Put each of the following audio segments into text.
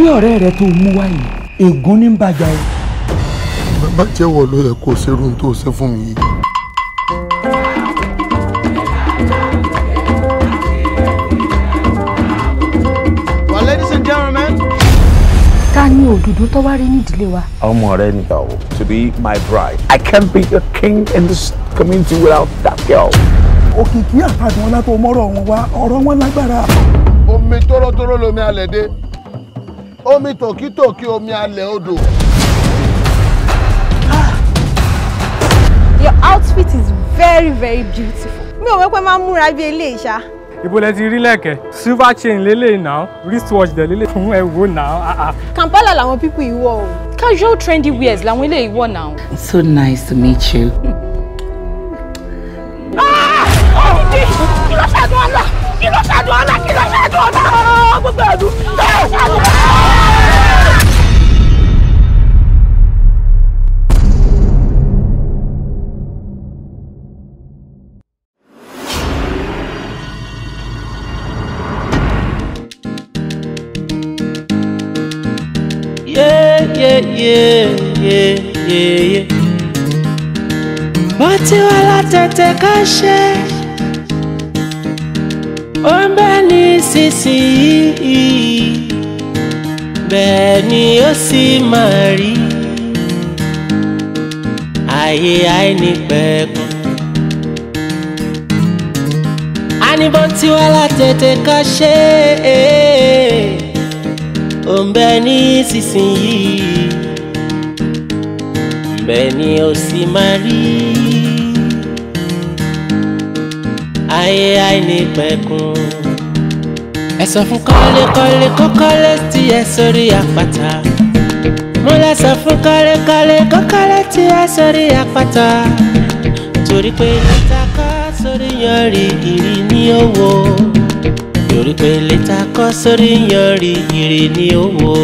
torí ọ̀rẹ́ rẹ tó mú wá yìí ègún ní bàjá o. bàbá jẹ́wọ́ ló yẹ kó ṣerú tó ṣe fún mi yìí. Well, ladies and gentlemen. ta ni òdòdó tó wá rí nídìílé wa. ọmọ rẹ ni. Oh, to be my bride I can't be a king in this community without that girl. òkìkí àtàdùn ọlá tó mọ́rọ̀ wọn wá ọ̀rọ̀ wọn lágbára. omi tórótóró lomi alẹ́ dé omi tòkítòkí omi alẹ̀ odò. Your outfit is very very beautiful. Mi ò wẹ́ pé máa ń múra bí eléyìí ṣá. Ibo lẹ ti rí lẹ̀kẹ̀, silver chain lélẹ̀ náà, wristwatch dẹ̀ lélẹ̀ fún ẹ̀wò náà. Ah, ah. Kampala làwọn pípọ̀ ìwọ o. Casual trendy wears làwọn eléyìí wọ̀ náà. It's so nice to meet you. Ah! Kí ló ṣàdùn ọ̀la? Kí ló ṣàdùn ọ̀la? Kí ló ṣàdùn ọ̀la? Gbogbo ẹ̀dùn. Kí ló ṣàdùn ọ̀la? yeye yeye. bó ti wà látẹ̀tẹ̀ ká ṣe ó ń bẹ nísinsìnyí bẹ́ẹ̀ ni ó sì máa rí ayé àìnípẹ̀kun. àníbó ti wà látẹ̀tẹ̀ ká ṣe bẹ́ẹ̀ ni ó sì máa rí. ayé àìní pẹ̀kun. ẹ sọ fún kọ́lékọ́lé kó kọ́lé tí ẹ sórí àpáta. mo lọ sọ fún kọ́lékọ́lé kó kọ́lé tí ẹ sórí àpáta. torí pé lẹ́tà kọ́ sórí yanrí ìrì ní owó. torí pé lẹ́tà kọ́ sórí yanrí ìrì ní owó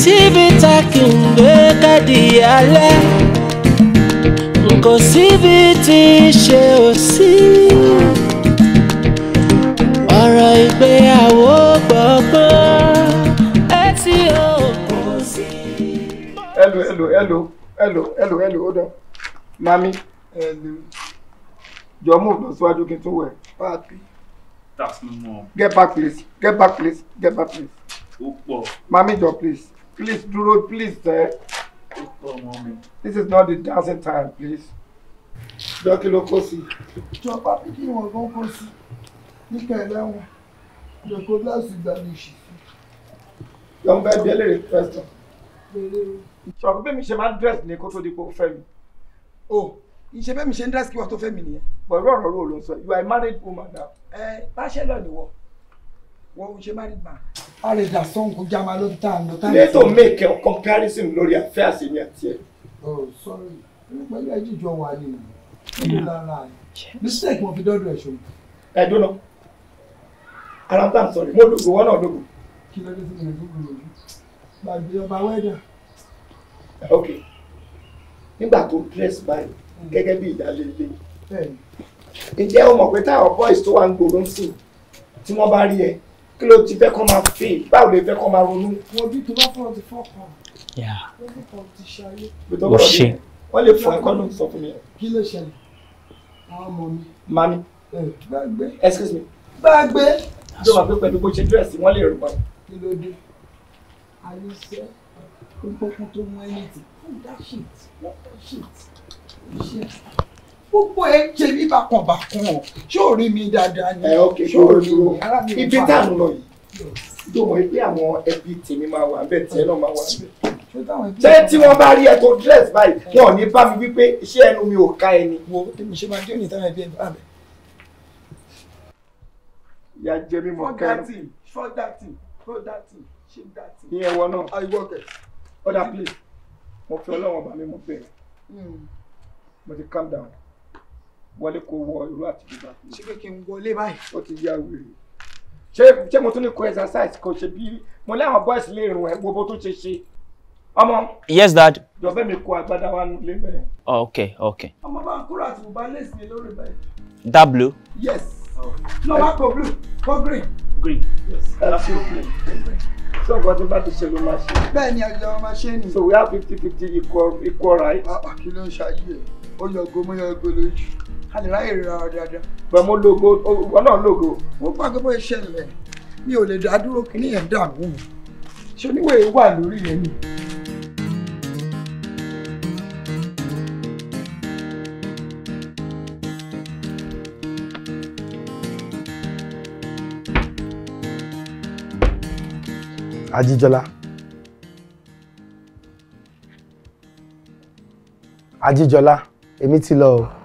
síbi tá kì í gbé ṣe ò sí ìgbéyàwó gbọ̀ngbọ̀n ẹ ti sí. hello hello hello hello hello hello hold on mami jọ mú lọ síwájú kí n tún wẹ̀ páàpì. that's no more. get back please get back please get back please. ó pọ̀. mami please. Please, Dúró, please, sir. This is not the dancing time, please. Jọ kí ló kó sí. Ìjọba pínpín wọn kan kó sí. Nípa ẹ̀lẹ́wọ̀n, ìjọba láti gbà ní ìṣìṣẹ́. Lọ́n bẹ́ẹ̀ bí ẹlẹ́rìí pẹ́sítọ̀. Ṣọ̀gbọ́n bí mi ṣe máa ń dress. ní kó tó di pé Oh, fẹ́ mi. O, ìṣe bẹ́ẹ̀ mi ṣe ń dírẹ́sì kí wọ́n tó fẹ́ mi you are a married woman now. Ẹ bá ṣẹlẹ̀ nìwọ wọ́n ò ṣe má rí gbà a lè dà sọ́hun kó já máa ló ń tà ń lọ. lẹ́tọ̀ make a comparison lórí afẹ́ àṣemí àti ẹ̀. oh sorry pẹ̀lú ẹ̀jì jọ wà ní ìlú lára rẹ̀ mistake mo fi dọ́dọ̀ ẹ̀ ṣòwò. ẹ dúró náà ara ń tà ń sọ̀rọ̀ mo dògò wọn náà dògò. kí ló dé sí ìrìn dúró lójú gbàgbé ọba wẹ́dà. ok nígbà tó dress báyìí gẹ́gẹ́ bí ìdálé ilé ǹjẹ́ o mọ̀ pé táwọn boys tó wà ń gbòòrò ń sìn tí wọ́n bá rí ẹ kí ló ti fẹ́ kọ́ máa fi báwo lè fẹ́ kọ́ máa ronú. wọn bí tó bá fọ́nrán ti fọ́ kan. o ṣe. wọ́n lè fún ẹ̀kọ́ ló sọ fún mi. kí ló ṣẹlẹ̀ àwọn ọmọ mi. mami gbàgbé excuse me gbàgbé. tó bá pé pẹ̀lú bó ṣe dírẹ̀sì wọ́n lè rò pa. kí ló dé àyíṣẹ́ gbogbo tó mú ẹni tì fún that shit that shit iṣẹ́ gbogbo ẹ jẹ mí bákan bákan ọ ṣó rí mi dáadáa ni ṣó rí mi ara mi ibi tá à ń lọ yìí tó mọ̀ pé àwọn ẹbí tèmi máa wà bẹ́ẹ̀ tiẹ̀ náà máa wà bẹ́ẹ̀. ṣé tí wọ́n bá rí ẹ tó dress báyìí wọn ò ní bá mi wípé iṣẹ́ ẹnu mi ò ká ẹni. wo èmi ṣe máa dé òní táwọn ẹbí ẹ bá mi. ìyá jẹ mí mọ kẹrin. fọdàtì fọdàtì fọdàtì ṣe dàtì. ní náà àìwọ kẹ ọdà please mo fi Ọlọ́run bá mi mọ bẹ́ẹ̀ hmm. mo ti calm down wọlé kó wọ irú àti ṣé kí n wọlé báyìí. ó ti yá wèrè ṣé ṣé mo tún lè kó exercise kan ṣe bí mo láwọn boys lè rùn ẹ gbogbo tó ṣe ṣe ọmọ. yes dad. jọ̀bẹ́ mi kó agbada wa nílé bẹ́ẹ̀. ok ok. ọmọ bá ń kúrò àti bùbá lẹ́sìn mi lórí bẹ́ẹ̀. that blue. yes. lọ wá kó blue kó green. green. yes. ẹ ṣe green. so bá ti ṣe ló máa ṣe. bẹ́ẹ̀ ni àjọ máa ṣe ni. so we have fifty fifty equal equal right. àpà kí ló ń ṣayé ẹ ó yọ gomo a lè ráyè ra ọ̀dọ̀ ọ̀dọ̀ bẹ́ẹ̀ mo lògo ìwọ náà lògo. mo pàgọ́ bó ṣẹlẹ̀ mi ò lè dá dúró kí nìyẹn dààmú ṣé oníwèé wà lórí yẹn ni. Ajíjọlá. Ajíjọlá, èmi ti lọ o.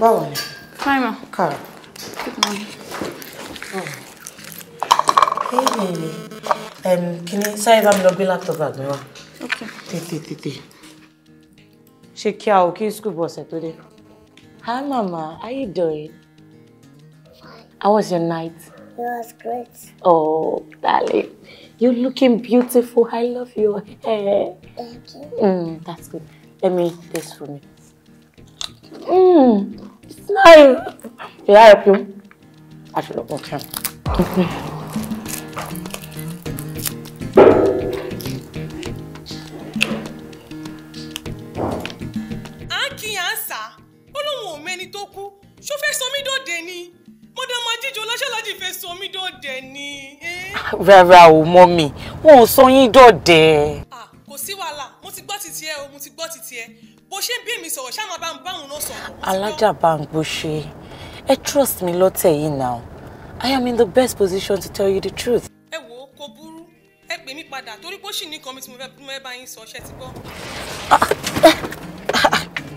báwo ni. fine ma. káàrọ̀. good morning. kìnní sáyé bá mi lọ gbé laptop àgbẹ̀ wa. tètè tètè. ṣe kí a ò kí school bus ẹ̀ tó hi mama how you doing? Fine. How was your night? It was great. Oh, darling. You're looking beautiful. I love your hair. Thank you. Mm, that's good. Let me taste for me. Hmm. Smile. Can I help you? I should look okay. Akin Ansa, olóhùn òun mẹ́ni tó kú, ṣó fẹ́ sọ mí dòde ni? Mọ́dọ̀ máa jíjọ lọ́ṣọ́lájì fẹ́ sọ ni. Eh? Rárá o, mọ́mì, wọn ò sọ yín dòde. Ah, kò sí wàhálà, mo ti gbọ́ titi ẹ o, mo ti gbọ́ bó ṣe ń bí èmi sọ̀rọ̀ ṣáà máa bá ń bá òun náà sọ̀rọ̀. alájàbáǹgbòṣe ẹ trust me lọ́tẹ̀ yìí now I am in the best position to tell you the truth. ẹ wo kò burú ẹ pè mí padà torí pé ṣì ní kan tí mo fẹ́ bí mo bá yín sọ ṣe ti gbọ́.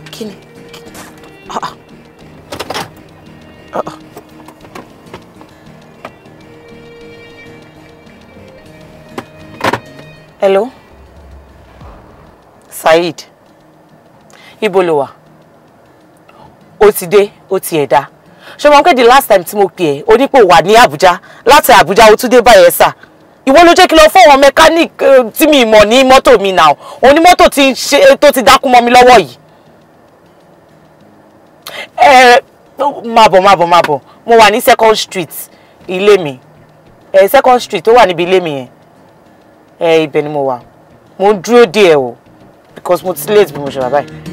kí hello Said ibo ló wà ó ti dé ó ti ẹ̀ dá ṣé pé the last time tí mo pè ẹ́ o ní pé wà ní Àbújá láti Àbújá o tún dé báyẹn sà ìwọ ló jẹ́ kí lọ fọ́wọ́n mechanic eh, tí mi mọ̀ ní mọ́tò mi náà òun ní mọ́tò tó ti dákú mọ́ mi lọ́wọ́ yìí ẹ máa bọ̀ máa bọ̀ mo wà ní second street ilé mi ẹ second street tó wà níbi ilé mi yẹn ẹ ibẹ̀ ni mo wà mo ń dúró dè ẹ́ o because mo ti late bí mo ṣe wà báyìí.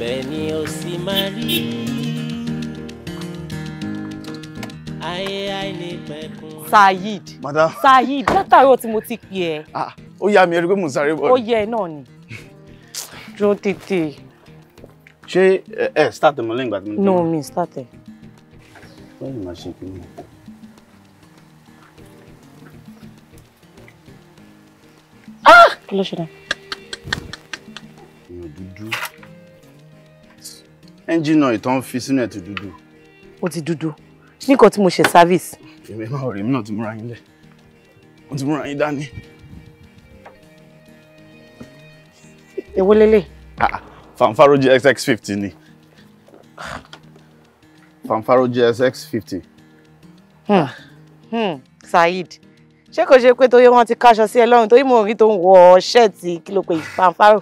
bẹ́ẹ̀ ni Sayid. sì máa rí ayé àìní pẹ̀kun. Saheed madam Saheed látàárọ̀ tí mo ti pè ẹ́. Ah, ó yà mí ẹrú pé mò ń sáré bọ̀. ó yẹ náà ni dúró tètè. ṣé ẹ ẹ start ọmọ lẹ́yìn ìgbà tí mo tẹ́lẹ̀. no mi start ẹ. wọ́n yìí máa ṣe kí ni. Ah! kí ló ṣe náà. ẹ́ńjìnà ìtàn fi sínú ẹ̀ ti dúdú. ó ti dúdú nìkan tí mo ṣe service. èmi náà rèé mi náà ti múra yín lẹ̀ mo ti múra yín dání. èwo lélẹ̀. Ah, ah. fanfaro gsx fifty ni fanfaro gsx fifty. Hmm. Hmm. Saheed ṣé kò ṣe pé torí wọn ti káṣọ sí ẹ lọ́rùn torí mò ń rí tó ń wọ ṣẹ́ẹ̀tì kí ló pe fanfaro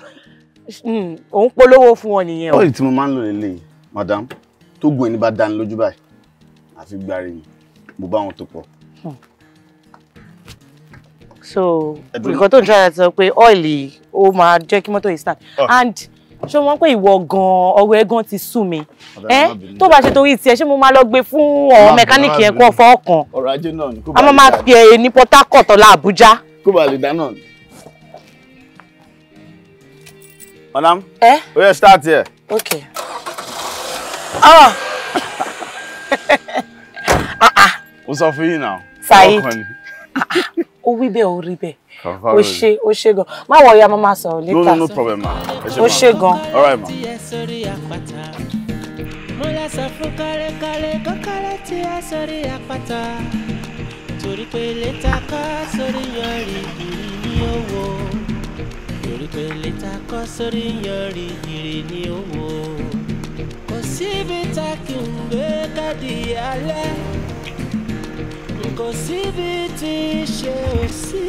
Hmm, òun polówó fún wọn nìyẹn o. bọ́ọ̀lì tí mo máa ń lò lélẹ̀ madam tó gun ẹni bá dání lójú báyìí àfi gbàrí ni mo bá wọn tó pọ̀. Hmm. so nǹkan tó ń ṣe àyàtọ̀ pé ọ́ìlì ó máa jẹ́ kí mọ́tò yìí start oh. and ṣé wọ́n pé ìwọ gan-an ọwọ́ ẹ gan ti sú mi eh? ẹ tó bá ṣe torí tiẹ̀ ṣé mo máa lọ gbé fún ọ̀hún mẹkáníìkì yẹn kó fọ́ ọkàn a máa máa pè é ní Port Harcourt ọ̀la kó bàa lè dáná ni. Madam? Eh? We are start here. Okay. Ah. ah ah. Ó sọ fún yín now. Said. Ah ah. Ó wí bẹ́ẹ̀, ó rí bẹ́ẹ̀. Ó ṣe, ó ṣe gan. ya mama so. later. No no no problem ma. Ó ṣe gan. All right ma. Mo la sọ fún kare kare kokare tí a sórí àpáta. Torí pé later ka sórí yori ni owo. Ìrìpèlè ta kọ́ sórí yọrí ìrì ni ó wò. Kò síbi tá kì ń gbé káàdì alẹ́. Kò síbi tí ṣe ò sí.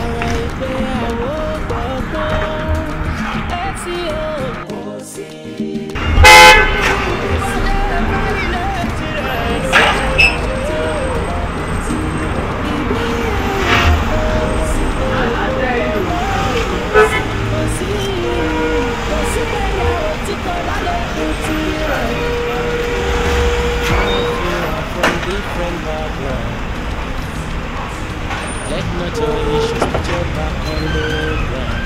Ọ̀rọ̀ ìgbéyàwó gbọ̀ngbọ̀n etí ò kò sí. not your issues, put your back on the ground.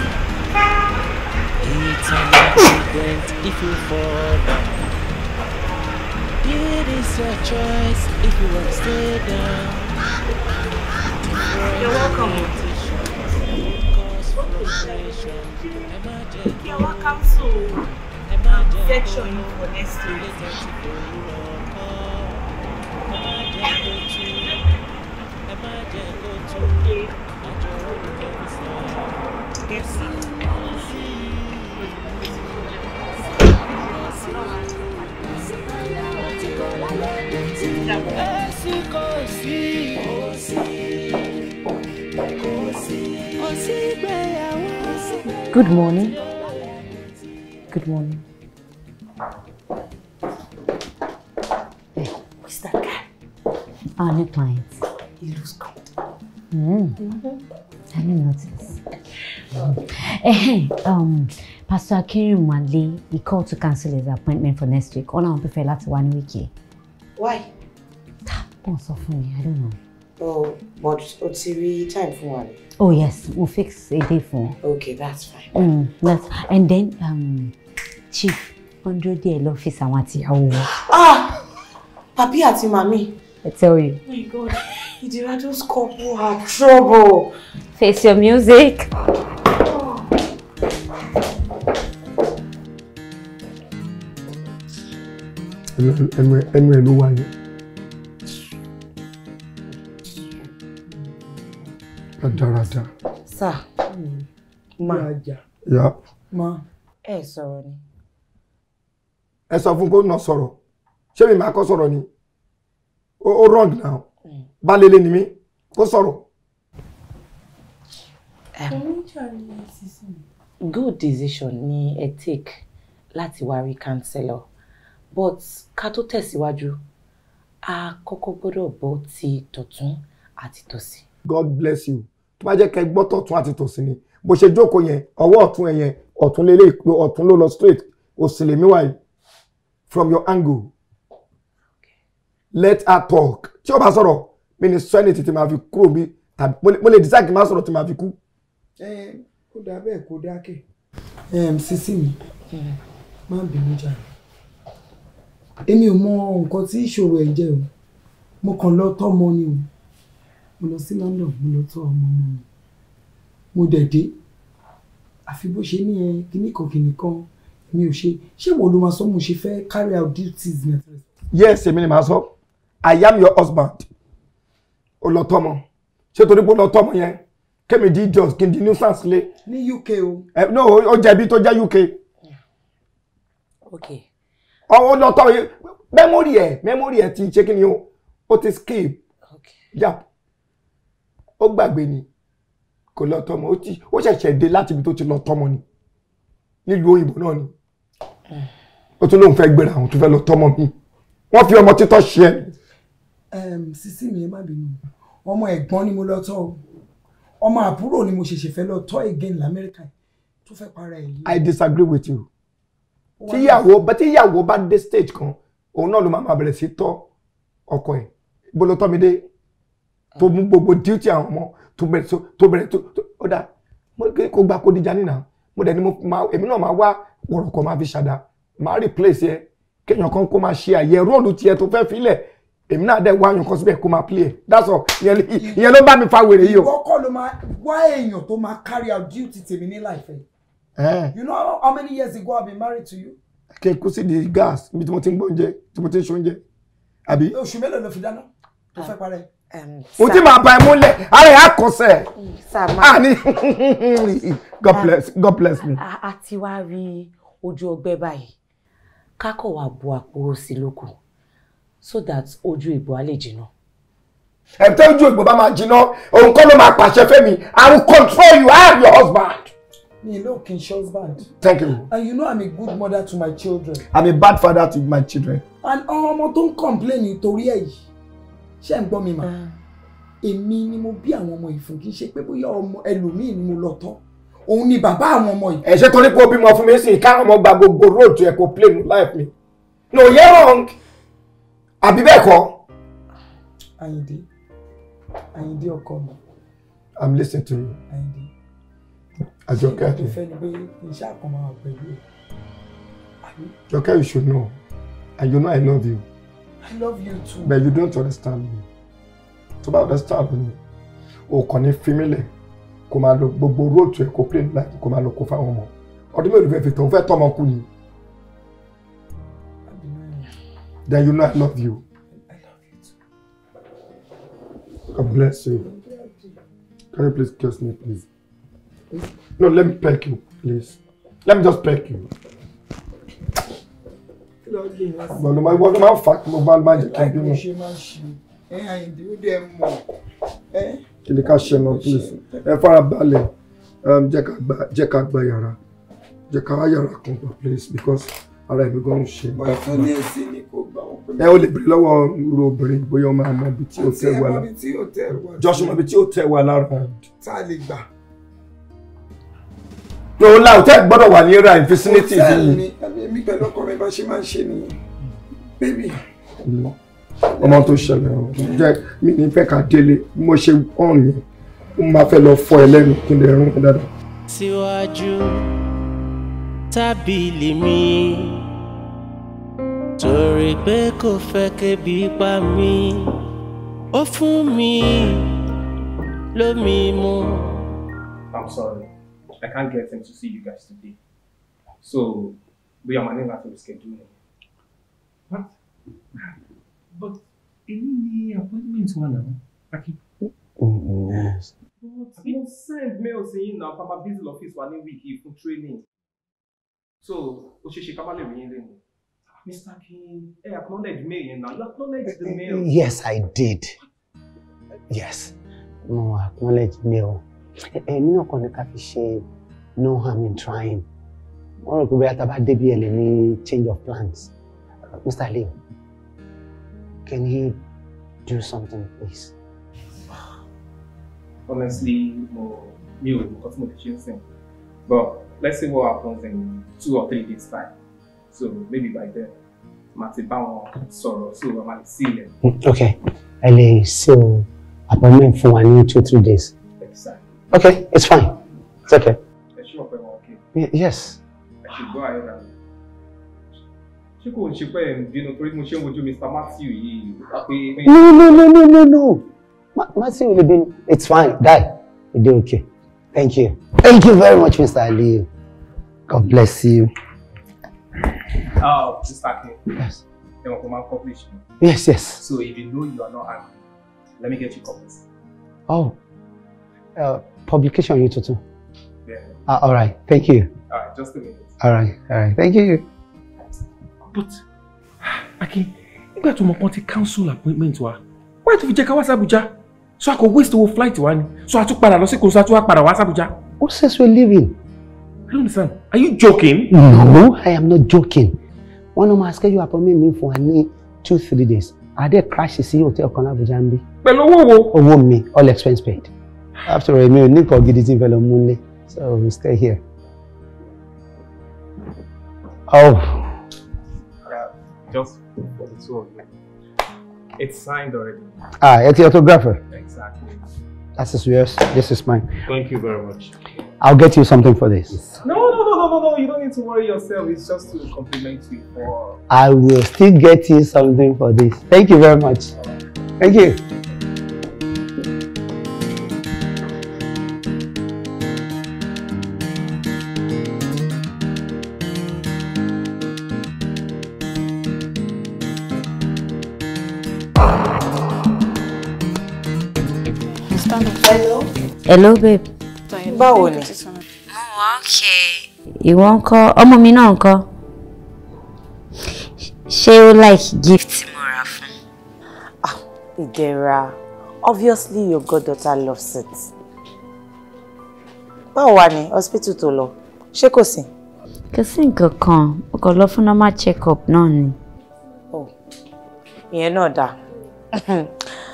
It's an accident if you fall down. It is your choice if you want to stay down. You're welcome. You're welcome to section for next week. Good morning. Good morning. Hey, who's that guy? Our new clients. he looks good. Mm. Mm-hmm. I didn't notice. Mm. um, Pastor Akirin Wanle, he called to cancel his appointment for next week. Ọ̀nà I prefer that wá ní wíìkì. Why? Wọ́n sọ fún me. I don't know. Oh, but o ti time for one. Oh yes, mo we'll fix a day for. Okay, that's fine. Mm, that's, and then um, Chief, hundred díẹ̀ lọ fi sàwọn àtìyàwó wọn. Ah! Papi àti màmí. I tell you. Oh my God, Idira just couple her trouble. Face your music. Ẹnu ẹ ló wá yẹn. Dáradára. Sá. Ma. Ya. Ma. Ẹ sọ̀rọ̀ ni. Ẹ sọ fún gómìnà sọ̀rọ̀. Ṣé mi máa kọ́ sọ̀rọ̀ ni? ó wrong now hmm. balẹ̀lẹ̀ ni mí kó sọ̀rọ̀. good decision ni ẹ take láti wá counselor but ká tó tẹ̀síwájú a koko gbọ́dọ̀ bọ́ ti tọ̀tún àti tòsì. god bless you tó bá jẹ́ kẹ́ gbọ́ tọ̀tún àti tòsì ni bó ṣe jókòó yẹn ọwọ́ otun ẹ̀ otun ọ̀tún lélẹ̀ ọ̀tún ló lọ straight òsì lèmi wáyé from your angle let her talk tí o bá sọ̀rọ̀ mi ni sọ ẹni tètè máa fi kúrò mi tàbí mo lè dísà kí n má sọ̀rọ̀ tí máa fi kú. kó dáa bẹ́ẹ̀ kó dáa kẹ̀. sisi mi má bínú jàre èmi ò mọ nǹkan tí ìṣòro ẹ̀ jẹ́ o mo kàn lọ tọ́ ọmọ ni o mo lọ sí London mo lọ tọ́ ọmọ mi mo dẹ̀ dé àfi bó ṣe ní ẹ kíní kan kíní kan mi ò ṣe ṣé wo ló máa sọ mo ṣe fẹ́ carry out duties. yes èmi ni màá sọ. So I am your husband o lọ tọmọ ṣé torí pé o lọ tọmọ yẹn di just kin n di nuisance lé. Ni UK o. ẹ eh, no o jẹ̀bi tó jẹ́ UK. okay. o lọ tọmọ yẹn memory ẹ memory ẹ ti ṣe kí ni o o ti skip jap ó gbàgbé ni kò lọ tọmọ ó ti ó ṣẹ̀ṣẹ̀ dé láti ibi tó ti lọ tọmọ ni nílùú òyìnbó náà ni ó mm. tún lóun fẹ́ gbéra àwọn tó fẹ́ lọ tọmọ mi wọ́n fi ọmọ to ṣe ẹ́ sísí mi ẹ má bínú ọmọ ẹ̀gbọ́n ni mo lọ tọ́ o ọmọ àbúrò ni mo ṣẹ̀ṣẹ̀ fẹ́ lọ tọ́ again lamẹ́ríkà tó fẹ́ para ẹ̀ yìí. I disagree with you tíyàwó bá tíyàwó bá dé stage kan òun náà ló máa máa bẹ̀rẹ̀ sí tọ́ ọkọ ẹ̀ bó ló tó mú gbogbo duty àwọn ọmọ tó bẹ̀rẹ̀ tó bẹ̀rẹ̀ tó ó dà kó gba kó nínà mo dẹ̀ ni mo ma èmi náà máa wá wọ̀rọ̀ kan máa fi ṣàdá máa replace ẹ kéèyàn kan kó máa ṣe àyẹ̀ róòlù tiẹ̀ tó fẹ́ filẹ̀ èmi náà dẹ̀ wá àyàn kan síbẹ̀ kó máa play ẹ̀ that's all ìyẹn ló bá mi fa wèrè yìí o. ìwọ kọ́ ló máa wá èèyàn tó máa carry out duty tèmi ní life eh. you know how many years ago I been married to you. kí n kú sí di gas ibi tí mo ti ń gbóúnjẹ tí mo ti ń ṣoúnjẹ àbí. oṣù mélòó ló fi dáná tó fẹ́ parẹ́ um, um, o ti ma ba ẹ múlẹ̀ ara ẹ akọsẹ a ni god bless god bless me. a ti wá rí ojú ọgbẹ́ báyìí kákọ̀ wá bu àpò òsì lóko so that ojú ìbò á lè jìnnà. ẹ̀tẹ́ ojú ìbò bá máa jìnnà òun kọ́ ló máa pàṣẹ fẹ́mi i will control you and your husband. mi ló kì í ṣe husband. thank you. and you know i'm a good mother to my children. i'm a bad father to my children. and ọmọ tó ń complain nítorí ẹ̀ yìí ṣé ń gbọ́ mi mà ah. èmi ni mo bí àwọn ọmọ yìí fún kì í ṣe pé bóyá ọmọ ẹlòmíì ni mo lọ tọ́ òun ni bàbá àwọn ọmọ yìí. ẹ̀ṣẹ́ torí pé o bímọ fún mi sí i káwọn ọmọ gba gbogbo road to ẹ̀kọ́ plane life mi. no you're wrong àbí bẹ́ẹ̀ kọ́. Àyìndé Àyìndé ọkọ mi. I'm listening to you. Àyìndé. Àjọkẹ́ àti. Ìfẹ́ ni pé iṣẹ́ àkànmọ́ àwọn pẹ̀lú ẹ̀. Àjọkẹ́ you should know and you know I love you. I love you too. But you don't understand me. Tó bá understand me, o kàn ní fi mí lẹ̀ kó máa lọ gbogbo róòtù ẹ̀ kó plane láti kó máa lọ kó fáwọn ọmọ. Ọdún mélòó fẹ́ fi tọ́ fẹ́ tọ́ ọmọ kú ni. Then you know I love you. I love you too. God bless you. Can you please kiss me, please? No, let me peck you, please. Let me just peck you. Bọ̀dọ̀ máa wọ́n máa ń fa kí mo bá máa jẹ kí n bímọ. Kí ni ká ṣe náà please? For a balẹ̀ um, jẹ́ ká gba yàrá jẹ́ ká wá yàrá kan gbà please because ara ìlú gan ń ṣe báyìí. ọ̀tún ní ẹ o lè bèrè lọ́wọ́ irú obìnrin bóyá ọmọ àmọ́ ibi tí ó tẹ̀ wá lára. jọ́sùn mọ̀ ibi tí ó tẹ̀ wá lára. tá a lè gbà. tó o la hòtẹ́ẹ̀lì gbọ́dọ̀ wà ní ra infinity. hòtẹ́ẹ̀lì ni ẹ̀mí pẹ̀lú ọkọ bá ṣe máa ń ṣe nìyẹn. bébì mm. ọmọ tó ṣẹlẹ̀ ọ̀ jẹ́ mi ní fẹ́ ká délé mo ṣe ọ̀n yẹn mo máa fẹ́ lọ fọ ẹlẹ́nu kí n lè rún dáadáa torí pé kò fẹ́ kébi pa mí ó fún mi lómi mu. I'm sorry, I can't get him to see you guys today. So, we are manning out to reschedule him. What? But èmi ni appointment wa náà. Akin. Mm-hmm. But mo send mail sí yín náà, Papa Bizzle office one week for training. So, ó should ṣe ká má lè rí Mr. King, hey, acknowledged me you now. You acknowledge the mail. Yes, I did. Yes. Mo acknowledge mail. Èmi eh, eh, náà kàn ní ká fi ṣe no harm in trying. Wọ́n rò pé bóyá tá a bá débi ẹ̀ change of plans. Mr. Lim, can you do something please? Honestly, mo mi ò mọ̀ nǹkan tí mo lè ṣe But let's see what happens in two or three days time so maybe by then màá ti bá wọn sọ̀rọ̀ so wọ́n máa sí ilẹ̀. Hmm, ok ẹ lè ṣe o appointment fún wa ní two three days. exactly. Okay, it's fine it's okay. ẹ ṣe ọ̀pẹ wọn ok. yes. ẹ ṣe gbọ́ àyọ̀dà mi ṣé kò ń ṣe pé ẹ̀ ń bínú torí mo ṣe ń wojú Mr. Matthew yìí wá no no no no no no Matthew lè bínú it's fine die e dey okay thank you thank you very much Mr. Aliyu god bless you. Oh, Mr. King. Yes. Then we'll come and publish. Yes, yes. So if you know you are not angry, let me get you copies. Oh, uh, publication you too. Yeah. Uh, all right. Thank you. All right. Just a minute. All right. All right. Thank you. But, Akin, nígbà tó mọ̀ pọ́n ti cancel appointment wa, why do you check our wá sábùjá? So I could waste owó flight wa So I took para lọ sí kòsó, a tún wá padà wá sábùjá. Who says we're leaving? I don't understand. Are you joking? No, I am not joking. wọ́n of máa schedule appointment mi fún wa ní two three days adé crash sí hotel kan lábújá ń bí. pẹ̀lú owó wo. owó mi all expense paid after all èmi ò ní nǹkan gidi tí n fẹ́ mú so we stay here. Oh. just for the two of you. It's signed already. Ah, it's the autographer. Exactly. That's his yours. This is mine. Thank you very much. I'll get you something for this. No, no, no, no, no, no. You don't need to worry yourself. It's just to compliment you. For... I will still get you something for this. Thank you very much. Thank you. Hello, babe. báwo ni. mo wà ókè. ìwọ ń kọ́ ọmọ mi náà ń ṣé ó like gift tí mo rà fún. Ah, ìdẹ̀ra obviously your goddaughter loves it. báwo wà ní hospital tó lọ ṣé kò sí. kò sí nǹkan kan o kò lọ fún normal check up náà ni. oh ìyẹn náà dáa.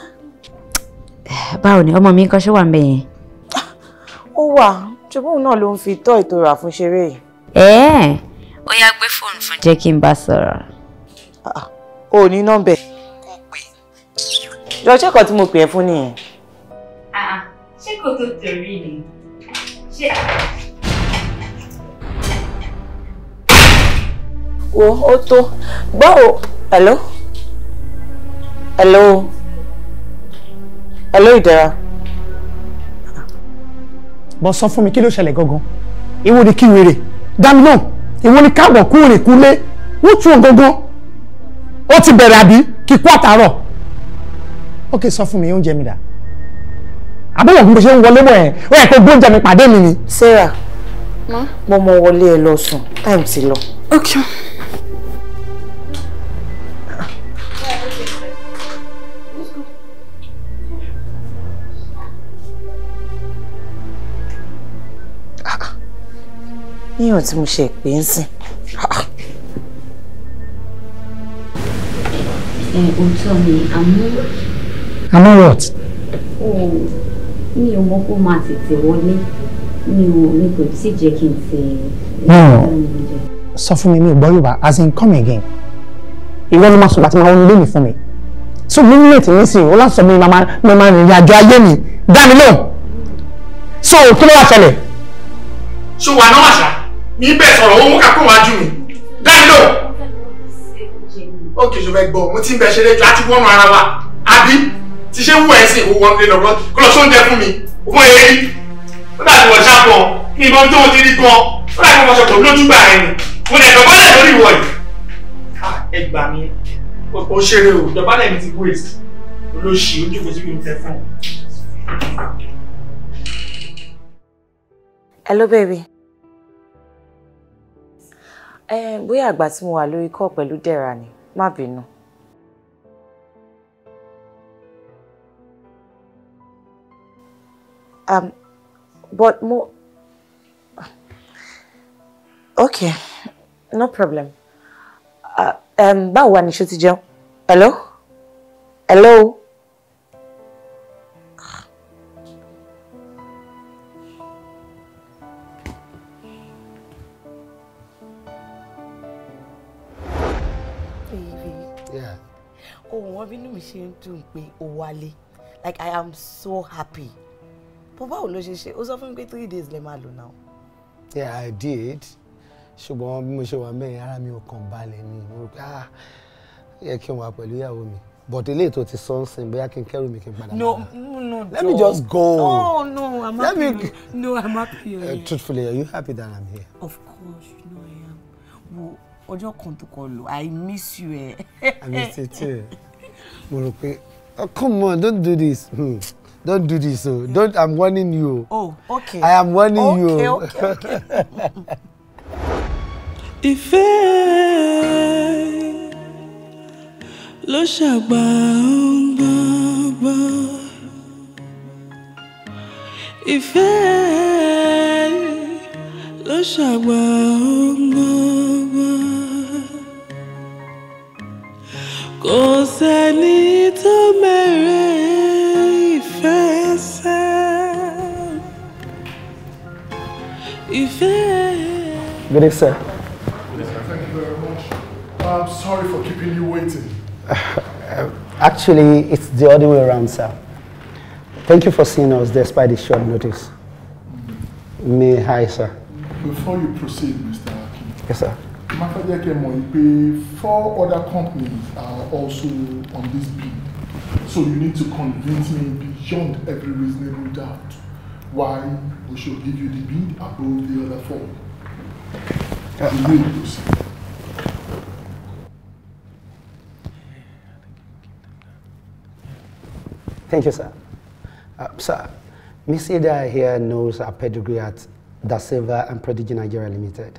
báwo ni ọmọ mi ń kọ́ ṣé wà ń bẹ̀ ó wà ṣùgbọ́n náà ló ń fi tọ́ ètò rà fún ṣeré yìí. ẹ ẹ ó yá gbé fóònù fún jẹ́ kí n bá sọ̀rọ̀. Ah, o ní nọ́mbẹ̀. kò pè. jọ ṣé kan tí mo pè ẹ́ fún nìyẹn. Ah, ah. ṣé kò tó torí ni ṣé. wo ó tó gbọ́ o hello hello hello ìdára bọ́ sọ fún mi kí ló ṣẹlẹ̀ gangan ìwọ ni kí wèrè dami náà ìwọ ni káàbọ̀ kú rè kú lé wọ́n tún un gangan ó ti bẹ̀rẹ̀ àbí kí kú àtàrọ̀ ok sọ fún mi oúnjẹ mi dà àbẹ̀wò bí mo ṣe ń wọlé mọ̀ ẹ̀ ó yẹ kó gbóúnjẹ mi pàdé mi ni. sarah mo mọ wọlé ẹ lọ sùn time ti lọ. okay. níyàn tí mo ṣe pé ń sìn. ẹ òótọ́ ni àmọ́. what. mi ò mọ kó máa tètè wọlé mi ò mi kò tí jẹ́ kí n ti. sọ fún mi mi ò Yorùbá as in come again ìwọ ni máa sọ̀rọ̀ àti máa wọ́n mi fún mi so mi nílé tèmi sìn ó láti sọ mi máa máa rìnrìn àjò ayé mi dá mi lóhùn so kí ló wá ṣẹlẹ̀. ṣùgbọ́n àná wà ṣá mi bẹ̀ sọ̀rọ̀ ó mú kà kó wájú mi dáńdò. ókè ṣe fẹ́ gbọ́ mo ti ń bẹ ṣeré ju àti wọ́n nu ara wa àbí ti ṣe wú ẹ̀ sí ìwọ wọn lé lọ́rọ́ kó lọ sóúnjẹ fún mi òun èrè ó dàbí wọ́n ṣàpọ̀ ní ìbọn tó wọ́n ti rí gan ó dàbí wọ́n ṣọ̀pọ̀ lójú gbà ẹ̀ ni mo lè dọ̀bálẹ̀ lórí ìwọ yìí. Ah, ẹ gbà mí o ṣeré o dọ̀bálẹ̀ mi ti waste olóṣì ojú kò sí mi tẹ fún un. hello baby ẹ bóyá àgbà tí mo wà lórí kọ́ pẹ̀lú dẹ́ra ni má bínú. Um, but mo okay no problem uh, um, báwo wà ní ṣó ti jẹun hello hello. mọ bí inú mi ṣe ń dùn pé ó wálé like i am so happy bó báwo ló ṣe ṣe ó sọ fún mi pé three days lè máa lò náà. yeah i did ṣùgbọ́n bí mo ṣe wà mẹ́rin ara mi ò kàn balẹ̀ ni mo rò pé ah yẹ kí n wà pẹ̀lú ìyàwó mi but eléyìí tó ti sọ ń sìn bóyá kí n kẹ́rù mi kí n padà. no no let me just go. oh no i'm happy no i'm happy here. Eh, truthfully are you happy that i'm here. of course you know i am. wo ọjọ́ kan to kọ lò i miss you. Eh. i miss you too. mo rò pé oh come on don't do this hmm. don't do this oh. don't i'm warning you oh okay i am warning okay, you okay okay okay. ló ṣàgbà ń bàbà ìfẹ́ ló ṣàgbà ń bàbà. Good day, sir. Good day, sir. Thank you very much. I'm sorry for keeping you waiting. Actually, it's the other way around, sir. Thank you for seeing us despite the short notice. May hi, sir. Before you proceed, Mr. Akin. Yes, sir four other companies are also on this bid. So you need to convince me beyond every reasonable doubt why we should give you the bid above the other four. You will lose. Thank you, sir. Uh, sir, Miss Ida here knows our pedigree at Da Silva and Prodigy Nigeria Limited.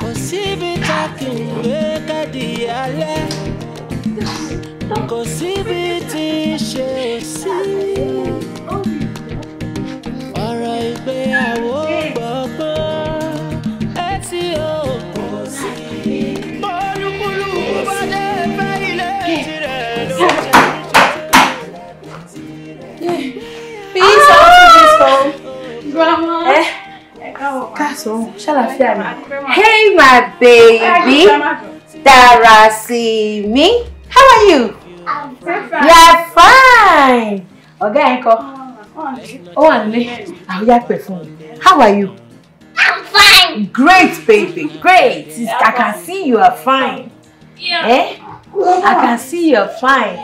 kò síbi tákì ìwé kẹ́dì alẹ́ kò síbi tí ṣe sí ọ̀rọ̀ ìgbéyàwó gbọ́gbọ́ etí o kò sí. Peace out to this grandma. Eh? káàsán ṣàlàfíà mi. hey my baby Darasimi how are you. I'm fine. you are fine. ọ̀gá ẹ̀ kọ́. ó wà nílé àwòyá pẹ̀ fún mi how are you. I'm fine. great baby great I can see you are fine. Yeah. Eh? I can see you are fine.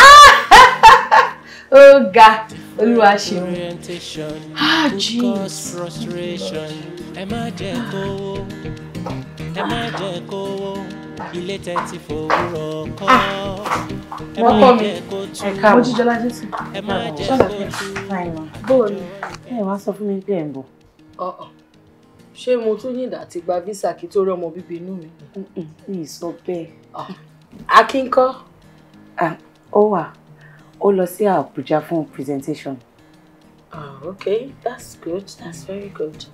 Ah! oh God olúwa ṣeun ah jeez. ẹ má jẹ́ ah. kówó ẹ má jẹ́ kówó ilé tẹ́ ti fòwúrọ̀ kọ́ ah. ẹ má jẹ́ kó tú ẹ̀ka mojíjọlá jésù ẹ má jẹ́ kó tú bóòlù ẹ wá sọ fún mi pé ẹ ń bọ̀. Uh-uh. ṣé mo tún yìnbọn àti gba visa kí tó rọmọ bíbí inú mi. mi ì sọ bẹ́ẹ̀. Ah. akínkọ́. ó wà ó lọ sí Abuja fún presentation. ah okay that's good that's very good.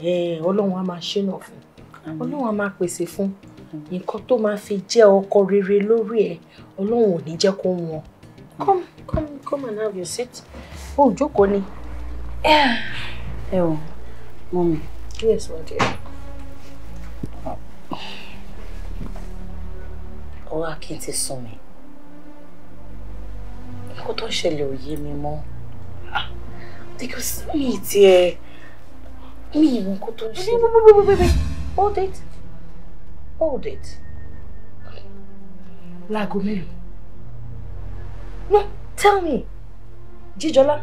Eh, ọlọ́run á máa ṣínà fún ọlọ́run á máa pèsè fún nǹkan tó máa fi jẹ́ ọkọ rere lórí ẹ ọlọ́run ò ní jẹ́ kó wọn. come come come and have your seat. ó jókòó ni. Eh, ẹ o mọ́mi. yes my dear. ọwọ́ akin ti sùn mí nǹkan tó ń ṣẹlẹ̀ ò yé mi mọ́ ah, because mi ti ẹ mi ìmọ̀ nǹkan tó ń ṣẹlẹ̀. hold it hold it. láago mélòó. no tell me Jíjọlá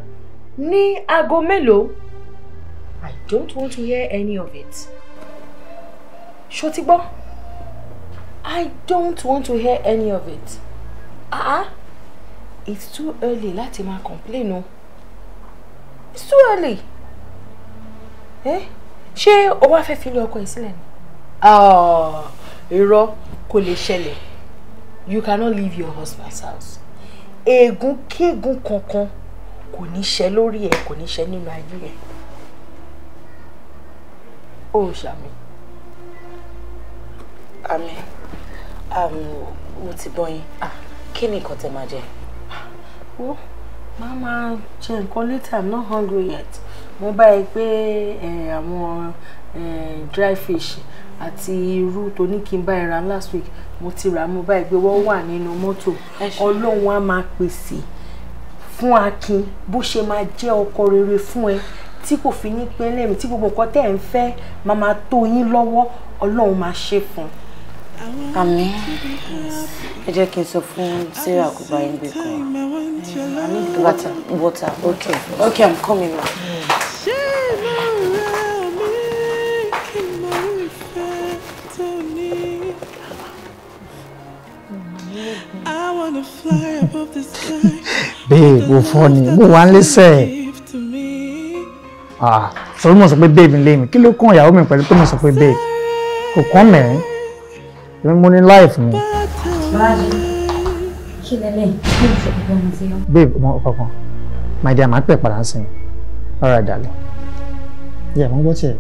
ní aago mélòó. I don't want to hear any of it. ṣó ti gbọ́. I don't want to hear any of it. Ah uh ah it's too early láti máa complain o it's too early eh? ṣé o wá fẹ́ fi lé ọkọ ẹ̀ sílẹ̀ ni. Ah, irọ́ kò lè ṣẹlẹ̀ you cannot leave your husband's house ègún kéègún kankan kò ní ṣe lórí ẹ kò ní ṣe nínú ayé ẹ ó ṣàmì àmì àmì mo ti bọ́ yín ah, kí ni nǹkan tẹ máa jẹ wo máa máa nǹkan later i'm not hungry yet mo bá ẹ pé àwọn dry fish àti irú tó ní kí n bá ẹ last week mo ti rà mo bá ẹ pé wọ́n wà nínú mọ́tò ọlọ́run á máa pèsè fún akin bó ṣe máa jẹ́ ọkọ rere fún ẹ tí kò fi ní pé lẹ́mìí tí gbogbo nǹkan tẹ́ ń fẹ́ máa máa tó yín lọ́wọ́ ọlọ́run máa ṣe fún un àmì ẹ jẹ́ kí n sọ fún sarah kó bá yín gbé kọ́ i need water water okay okay i'm coming ma. babe o fọ ni mo wà lẹ́sẹ̀ ah sọ mo sọ pé babe ń lé mi kí ló kàn ìyàwó mi pẹ̀lú pé mo sọ pé babe kò kàn mẹ́rin èmi mo life mi. kí lẹ́lẹ̀ kí ló ṣe kókó ọmọ sí ọ. babe ọmọ kankan my dear máa pẹ̀ padà ń sìn ọ̀rọ̀ ìdàlẹ̀ yẹ mo ń gbọ́ tiẹ̀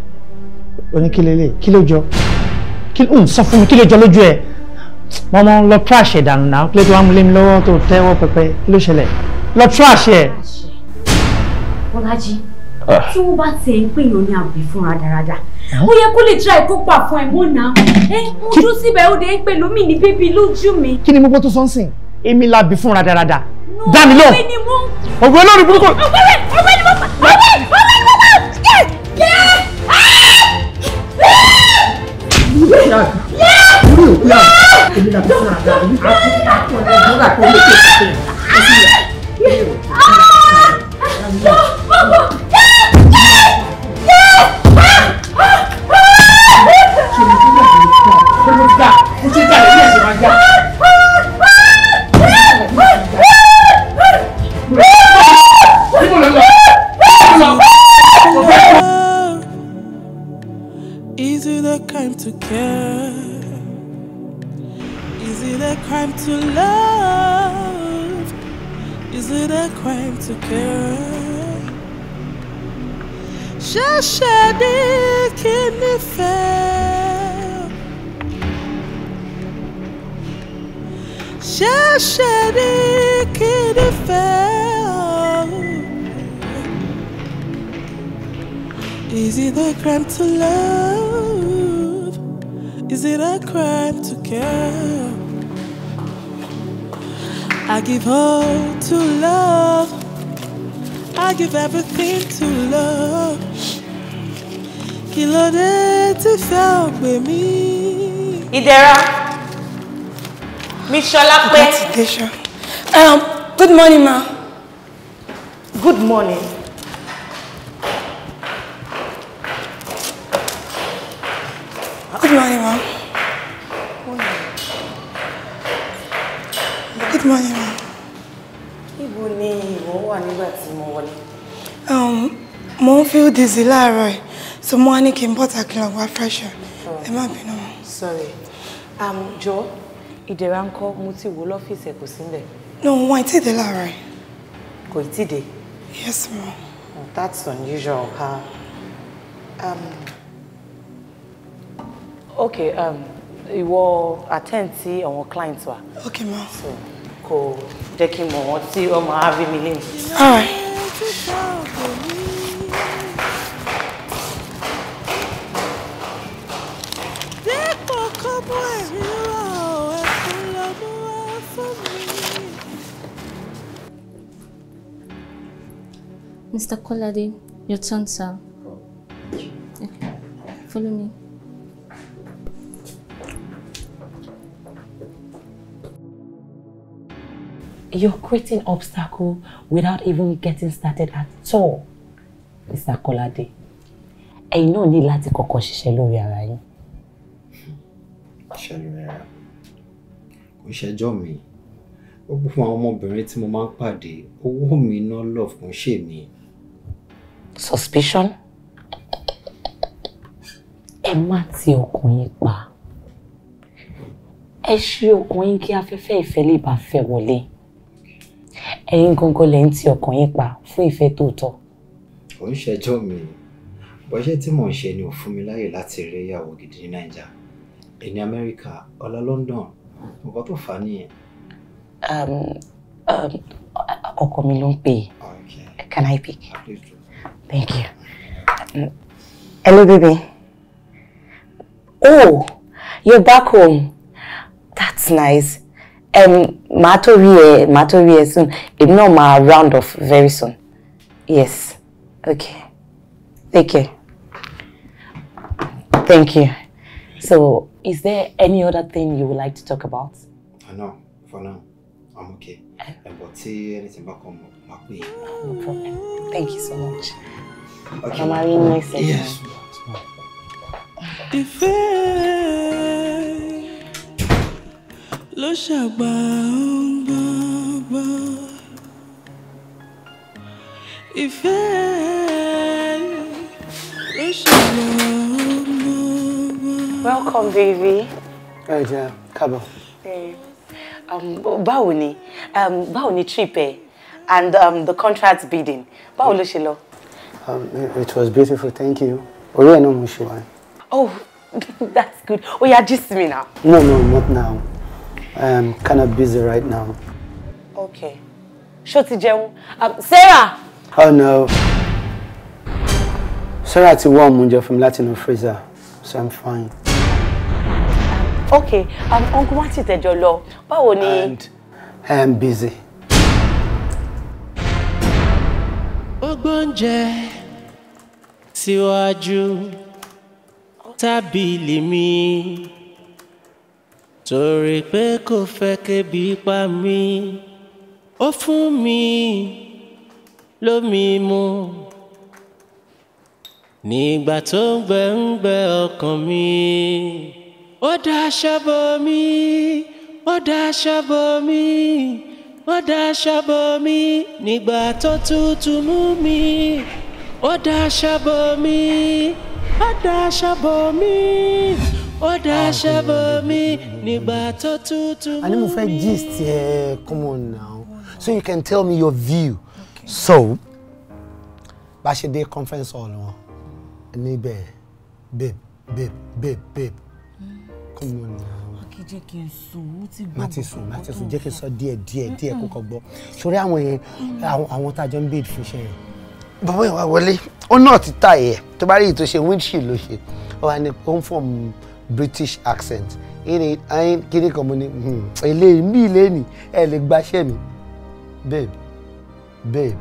oní kí lélẹ̀ kí ló jọ kí ló ń sọ fún mi kí ló jọ lójú ẹ̀ wọ́n mọ lọ trash ẹ̀ dànù náà kí ló tó wá mú lé mi lọ́wọ́ tó tẹ́wọ́ pẹpẹ kí ló ṣẹlẹ̀ lọ trash ẹ̀. Eh. Bọ́lájí ah. tí wọ́n bá tiẹ̀ ń pè yàn ní àbí fún radarada ó yẹ kó lè try kó pa fún ẹ mọ́ náà ẹ ojú síbẹ̀ ó dé pé lómi ní bébí lójú mi. kí ni mo gbọ́ tó sọ ń sìn èmi la bí fúnra dáradára dání lọ ògùn olórí burúkú. ọgbẹ́ni ọgbẹ́ni mo pa ọgbẹ́ni ọgbẹ́ni mo pa yẹ yẹ yẹ yẹ èmi la bí fúnra dáradára èmi la bí fúnra dáradára kò ní kékeré. Is it a crime to care? Is it a crime to love? Is it a crime to care? ṣẹ̀ṣẹ̀ ní kí nífẹ̀ẹ́. Is it a crime to love? Is it a crime to care? I give all to love. I give everything to love. Kí all dé tí fẹ́ ọ̀pẹ mi? Ìdẹ̀ra. Miss Sholape. Um, good morning, ma. Good morning. Good morning, ma. Good morning, ma. Ibo ni ìwọ wà nígbà tí mo wọlé? Um, mo ń feel dizzy láàárọ̀ yìí, so mo wá ní kí kilo bọ́ta kí n lọ wá Sorry. Um, Joe ìdẹ̀ra ń kọ́ mo ti wò lọ́fíìsì ẹ̀ kò sí níbẹ̀. no wọn ì tí ì dé láàárọ̀ kò ì tí ì dé. yes ma. Oh, that's unusual ha. Huh? Um, okay um, ìwọ attend sí àwọn clients wa. okay ma. so kò jẹ́ kí n mọ̀ wọ́n tí ọmọ avi mi lè. all right. Mr. Kolade, your turn, sir. Okay. Follow me. You're creating obstacle without even getting started at all, Mr. Kolade. Ẹ̀yin náà ní láti kọ́kọ́ ṣiṣẹ́ lórí ara yín. Ṣé lórí ara? Kò ṣẹjọ́ mi. Ó gbogbo àwọn ọmọbìnrin tí mo máa ń pàdé, owó mi náà lọ fún ṣèmi suspicion ẹ má ti ọkàn yín pa ẹ ṣí ọkàn yín kí afẹ́fẹ́ ìfẹ́ lè bá fẹ́ wọlé ẹ̀yin gangan lẹ ń ti ọkàn yín pa fún ìfẹ́ tòótọ́. ò ń ṣẹjọ́ mi bọ́ṣẹ́ tí mò ń ṣe ni ò fún mi láyè láti rí ìyàwó gidi ní nàìjíríà èmi amẹ́ríkà ọlá london nǹkan tó fà á nìyẹn. ọkọ mi ló ń pè can i pick. please, Thank you. Hello, baby. Oh, you're back home. That's nice. Um, matter tó matter ẹ, soon. If not, my round off very soon. Yes. Okay. Thank you. Thank you. So, is there any other thing you would like to talk about? I no, for now, I'm okay. Uh, but see anything back home. máa pè é. no problem thank you so much. okay mama rí ní ẹsẹ̀ yìí. yes ma. ìfẹ́ ló ṣàgbà ń bá bá ìfẹ́ ló ṣàgbà ń bá bá. welcome baby. ẹ jẹ́ kábọ̀. Um, báwo ni um, báwo trip ẹ. Eh? and um, the contract bidding báwo ló ṣe lọ. Um, it was beautiful thank you orí ẹ̀ náà mo ṣe wá. oh that's good oya gist me now. no no not now i'm kind of busy right now. okay ṣó ti jẹun um, sarah. oh no sarah ti wá oúnjẹ fún mi láti inú freezer so i'm fine. okay um, uncle wá ti tẹ̀jọ lọ báwo ni. and i'm um, busy. gbóúnjẹ síwájú tábìlì mi torí pé kò fẹ́ kébi pa mí ó fún mi lómi mu nígbà tó ń gbẹ ń gbẹ ọkàn mi ó dá aṣọ bò mí ó dá aṣọ bò mí ó daṣọ bò mí nígbà tó tutù mú mi ó daṣọ bò mí ó daṣọ bò mí ó daṣọ bò mí nígbà tó tutù mú mi. àní mo fẹ́ gist ẹ come on now so you can tell me your view okay. so bá ṣe dé conference hall wọn níbẹ̀ babe babe babe babe hmm. come on now jẹ́ kí n sùn mo ti gbọ́. má ti sùn má ti sùn jẹ́ kí n sọ díẹ̀ díẹ̀ díẹ̀ kó kọ gbọ́ sórí àwọn yẹn àwọn tá a jọ ń bèèdì fún iṣẹ́ yẹn. bàbá yẹn wá wọlé ó náà ti tà yẹ tó bá rí èyí tó ṣe windshield ló ṣe ó wà ní ó ń British accent ìrìn ayin kíní kan mo ní ilé hmm, mi ilé ni ẹ lè gbaṣẹ́ mi babe babe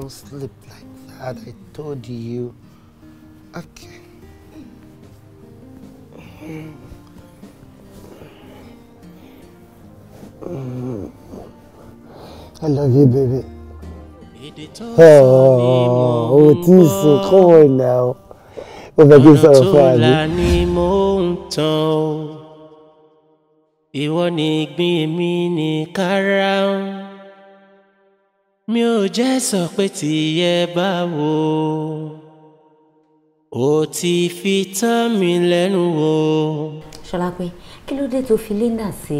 don't sleep like that. I told you. Okay. I love you, baby. Oh, ó ti sùn, come on now. Ó fẹ́ kí n sọ̀rọ̀ fún àbí. Ọ̀nà tó là ni mò mi ò jẹ́ sọ pé tìyẹ bá wo ó ti fi tán mi lẹ́nu wò. ṣọlá pé kí ló dé tó fi linda sí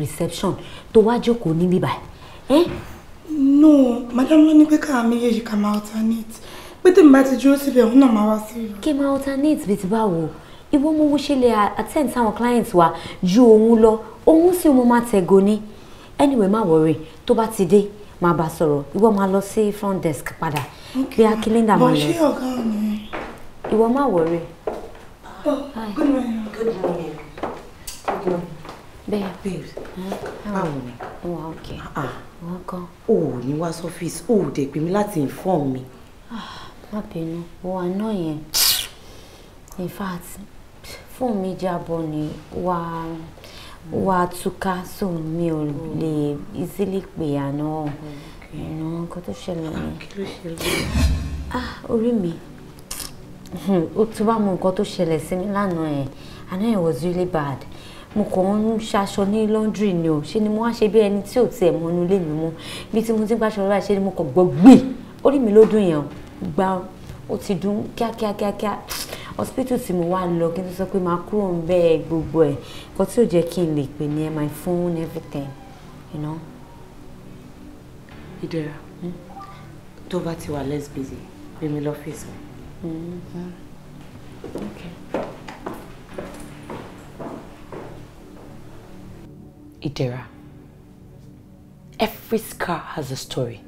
reception tó wá jókòó níbí báyìí. no madam ló ní pé káà méjèèjì ká máa alternate pé tèmi bá ti dúró síbẹ̀ òun náà máa wá sí. kí máa alternate bíi ti báwo ìwọ mo ṣe lè attend sáwọn clients wa ju òun lọ òun sì mo máa tẹ̀gọ́ ni anyway má worry tó bá ti dé máa bá sọ̀rọ̀ ìwọ máa lọ sí front desk padà bí a kí Linda máa lọ sí. ìwọ má wọrí. Oh, babe báwo ni. Oh, wà ok ah, ah. wọn o ò ní wá sọ́fíìsì o ò dẹ̀ pè mí láti inform mi. Ah, má bínú wọ àná yẹn in fact fóònù mi jábọ́ ni wàá wá túká so mi ò lè easily pè àná ẹ̀nà nǹkan tó ṣẹlẹ̀ ni. Ah, kí ló ṣẹlẹ̀? ah orí mi hmm, ó ti wá mọ nǹkan tó ṣẹlẹ̀ sí mi lánàá I know it was really bad mo kàn ń ṣaṣọ ní laundry ni o ṣe ni mo wá ṣe bí ẹni tí ò tiẹ̀ mọnú ilé mi mú bí tí mo ti ń gbàṣọ lọ́wọ́ ṣe ni mo kàn gbọ́ gbé orí mi ló dùn yẹn gba ó ti dùn kíákíákíákíá hospital tí mo wá lọ kí n tó sọ pé màá kúrò ń bẹ gbogbo ẹ̀ nǹkan tí ò jẹ́ kí n lè pè ní ẹ my phone everything you know. ìdẹ̀ra hmm? tó bá ti wà less busy pè mí lọ́fíìsì mi. Hmm, hmm. Ìdẹ̀ra every scar has a story.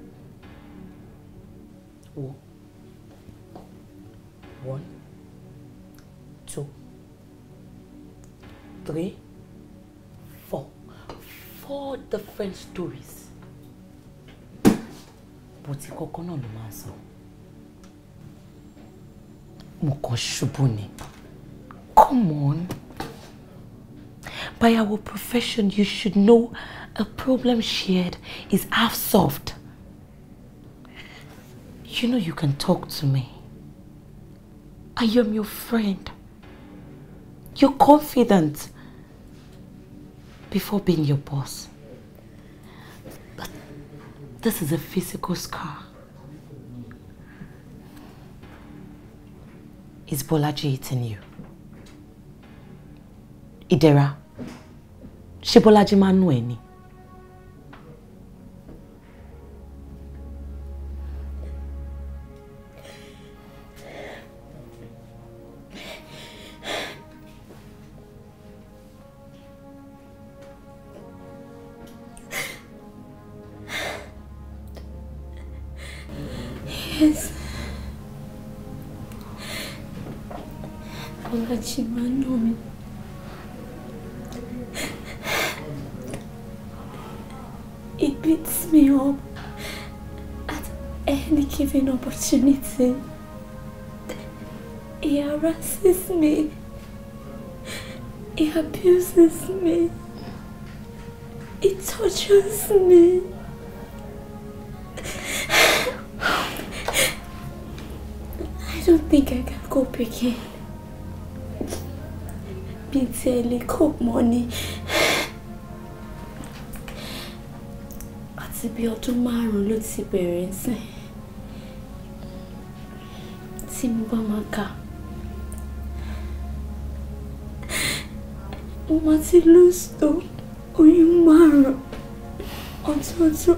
One. One. three, four. Four different stories. But ti can náà ló máa sọ. Mo kàn Come on. By our profession, you should know a problem shared is half solved. You know you can talk to me. I am your friend. Your confident. before being your boss. But this is a physical scar. Is Bolaji eating you? Idera, ṣé Bolaji máa ń ṣe It beats me up at any given opportunity. He harasses me. He abuses me. He tortures me. I don't think I can cope again. bíi ti ẹ lè kó mọ́ ni àti bíi ọdún márùn-ún ló ti bẹ̀rẹ̀ sìn tí mo bá máa kà mo máa ti lóṣù tó oyún márùn-ún ọ̀tọ̀ọ̀tọ̀.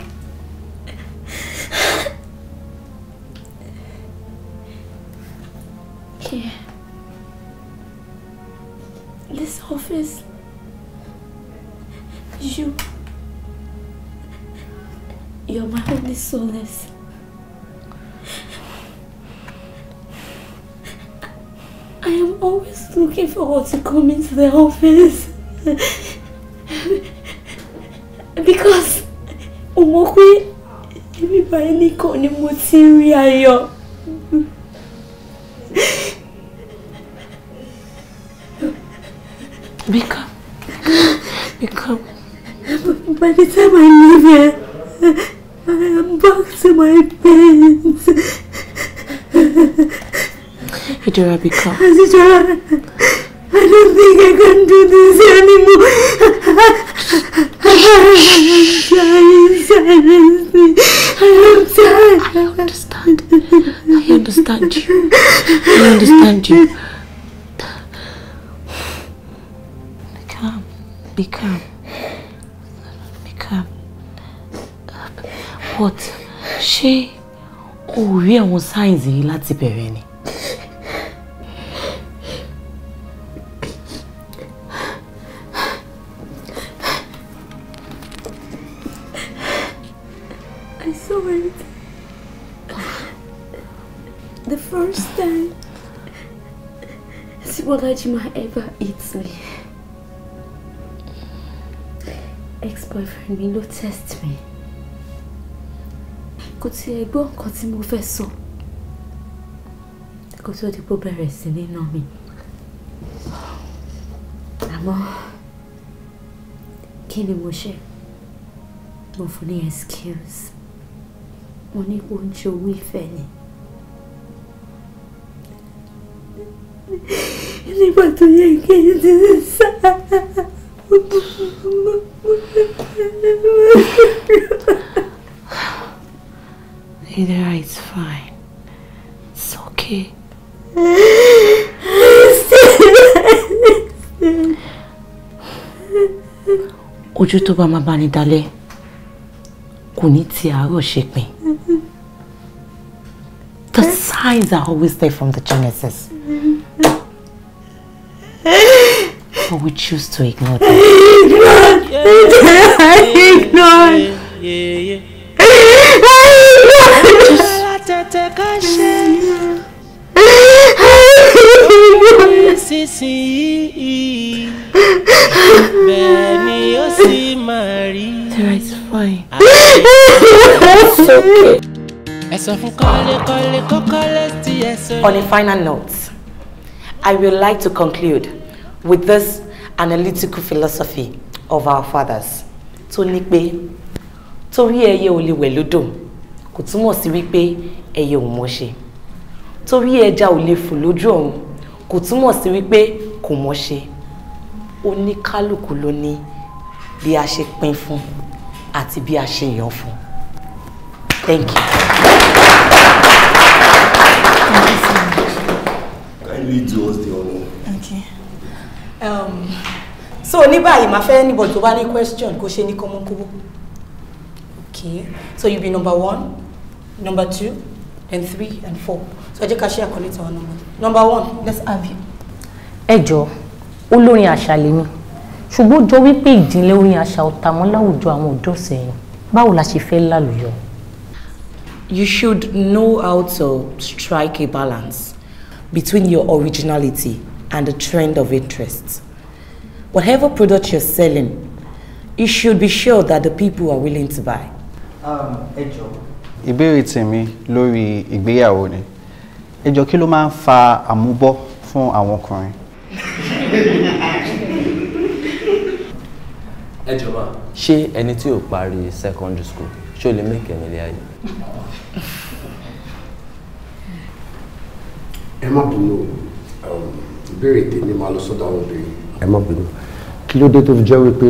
want to come into the office. because o mọ̀ pé èmi báyìí nìkan ni mo ti rí ayọ̀. By the time I leave here, I am back to my parents. Idora, Bika. Idora. I understand you. I understand you. Be calm. Be calm. Be calm. What? Oh, we are on signs in Latipereni. Chima ever eats me. Ex-boyfriend mi ló test me. Kò tiẹ̀ gbọ́ nǹkan tí mo fẹ́ sọ. Kò tó di pé ó bẹ̀rẹ̀ sí ní nà mí. Àmọ́ kí ni mo ṣe? Mo fún ní excuse. Mo ní kó owó ìfẹ́ ni nígbà tó yẹ kí n ti it's fine. It's okay. Ojú tó bá máa bá ní dalẹ̀ kò ní ti àárọ̀ ṣe pin. The signs are always there from the Genesis. But we choose to ignore them. Ignore! Ignore! nísinsìnyí bẹ́ẹ̀ ni ó sì máa rí. Tara is fine. On a final note, I would like to conclude with this analytical philosophy of our fathers tó ní pé torí ẹyẹ ò lè wẹ̀ lódò kò túmọ̀ sí wípé ẹyẹ ò mọ̀ṣe torí ẹja ò lè fò lójú ọ̀run kò túmọ̀ sí wípé kò mọ̀ṣe oníkálukú ló ní bí a ṣe pín fún àti bí a ṣe yàn fún thank you. Kindly do us the honor. Um, so ní báyìí máa fẹ́ anybody tó bá ní question kó ṣe ní kọ́mọ́kọ́mọ́ okay so you be number one number two then three and four so ẹ jẹ́ ká ṣe àkọlẹ́tà wa number number one let's have you. ẹ jọ olórin àṣà lèmi ṣùgbọ́n jọ wípé ìdínlẹ̀ orin àṣà ọ̀tà mọ́ láwùjọ àwọn ọ̀dọ́ sẹ́yìn báwo la ṣe fẹ́ lálùyọ. You should know how to strike a balance between your originality and the trend of interest. Whatever product you're selling, you should be sure that the people are willing to buy. Um, ẹ jọ̀ọ́. Ìbéèrè tèmi lórí ìgbéyàwó ni. Ẹ jọ̀ọ́ kí ló máa ń fa àmúbọ́ fún àwọn ọkùnrin? Ẹ jọ̀ọ́ ma. Ṣé ẹni tí ò parí secondary school ṣé o lè mẹ́kẹ̀ nílé ayé? Ẹ má bínú ìbéèrè tèmi máa lọ sọ́dọ̀ àwọn obìnrin. ẹ má bínú kí ló dé tó fi jẹ́ wípé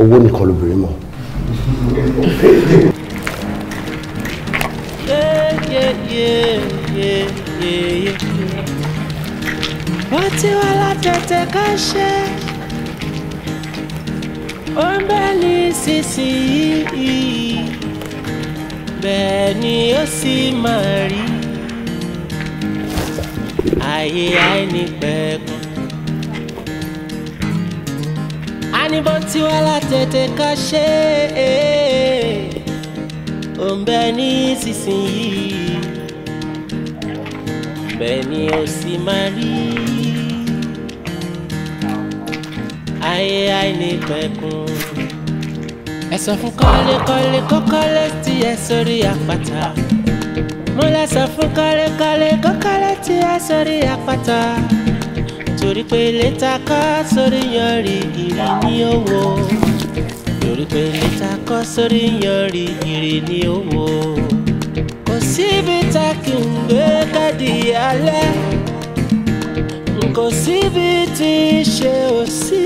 owó nìkan lóbìnrin mọ̀. wọ́n ti wá látẹ̀tẹ̀ ká ṣe ó ń bẹ́ ní sísìn bẹ́ẹ̀ ni ó sì máa rí i ayé àìnípẹ̀kun. àníbó tí wọ́n látètè ká ṣe é ò ń bẹ ní ìsinsìnyí bẹ́ẹ̀ ni ó sì máa rí ayé àìnípẹ̀kun. ẹ sọ fún kọ́lékọ́lé kọ́kọ́lé tí ẹ sórí àpáta. Mola lọ kale kale kọ́lékọ́lé ti kọ́lé tí a sórí àpáta torí pé létà kọ́ sórí yanrí ìrì ní owó torí pé létà kọ́ sórí yanrí ìrì ní owó kò síbi tá kì í gbé kádì alẹ́ kò síbi tí í ṣe ò sí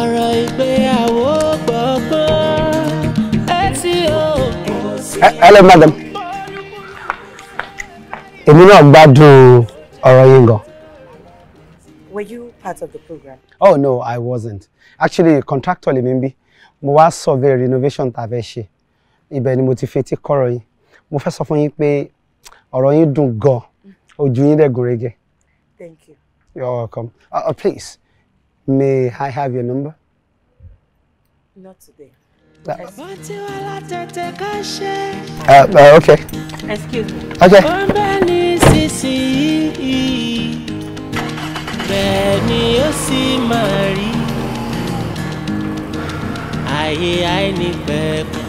ọ̀rọ̀ ìgbéyàwó gbọ́gbọ́n hello madam èmi náà gbádùn ọ̀rọ̀ yín gan. were you part of the program. oh no i wasn't actually contractually, lèmi ń bí mo wá survey renovation tá a fẹ́ ṣe ibẹ̀ ni mo ti fetí kọ́rọ̀ yín mo fẹ́ sọ fún yín pé ọ̀rọ̀ yín dùn gan ojú yín dẹ̀ gúnrégé. thank you. you're welcome uh, uh, please may i have your number. not today. Uh, uh, okay. Excuse me. Okay. Bẹ́ẹ̀ni ó sì máa rí ayé àìnípẹ̀kun.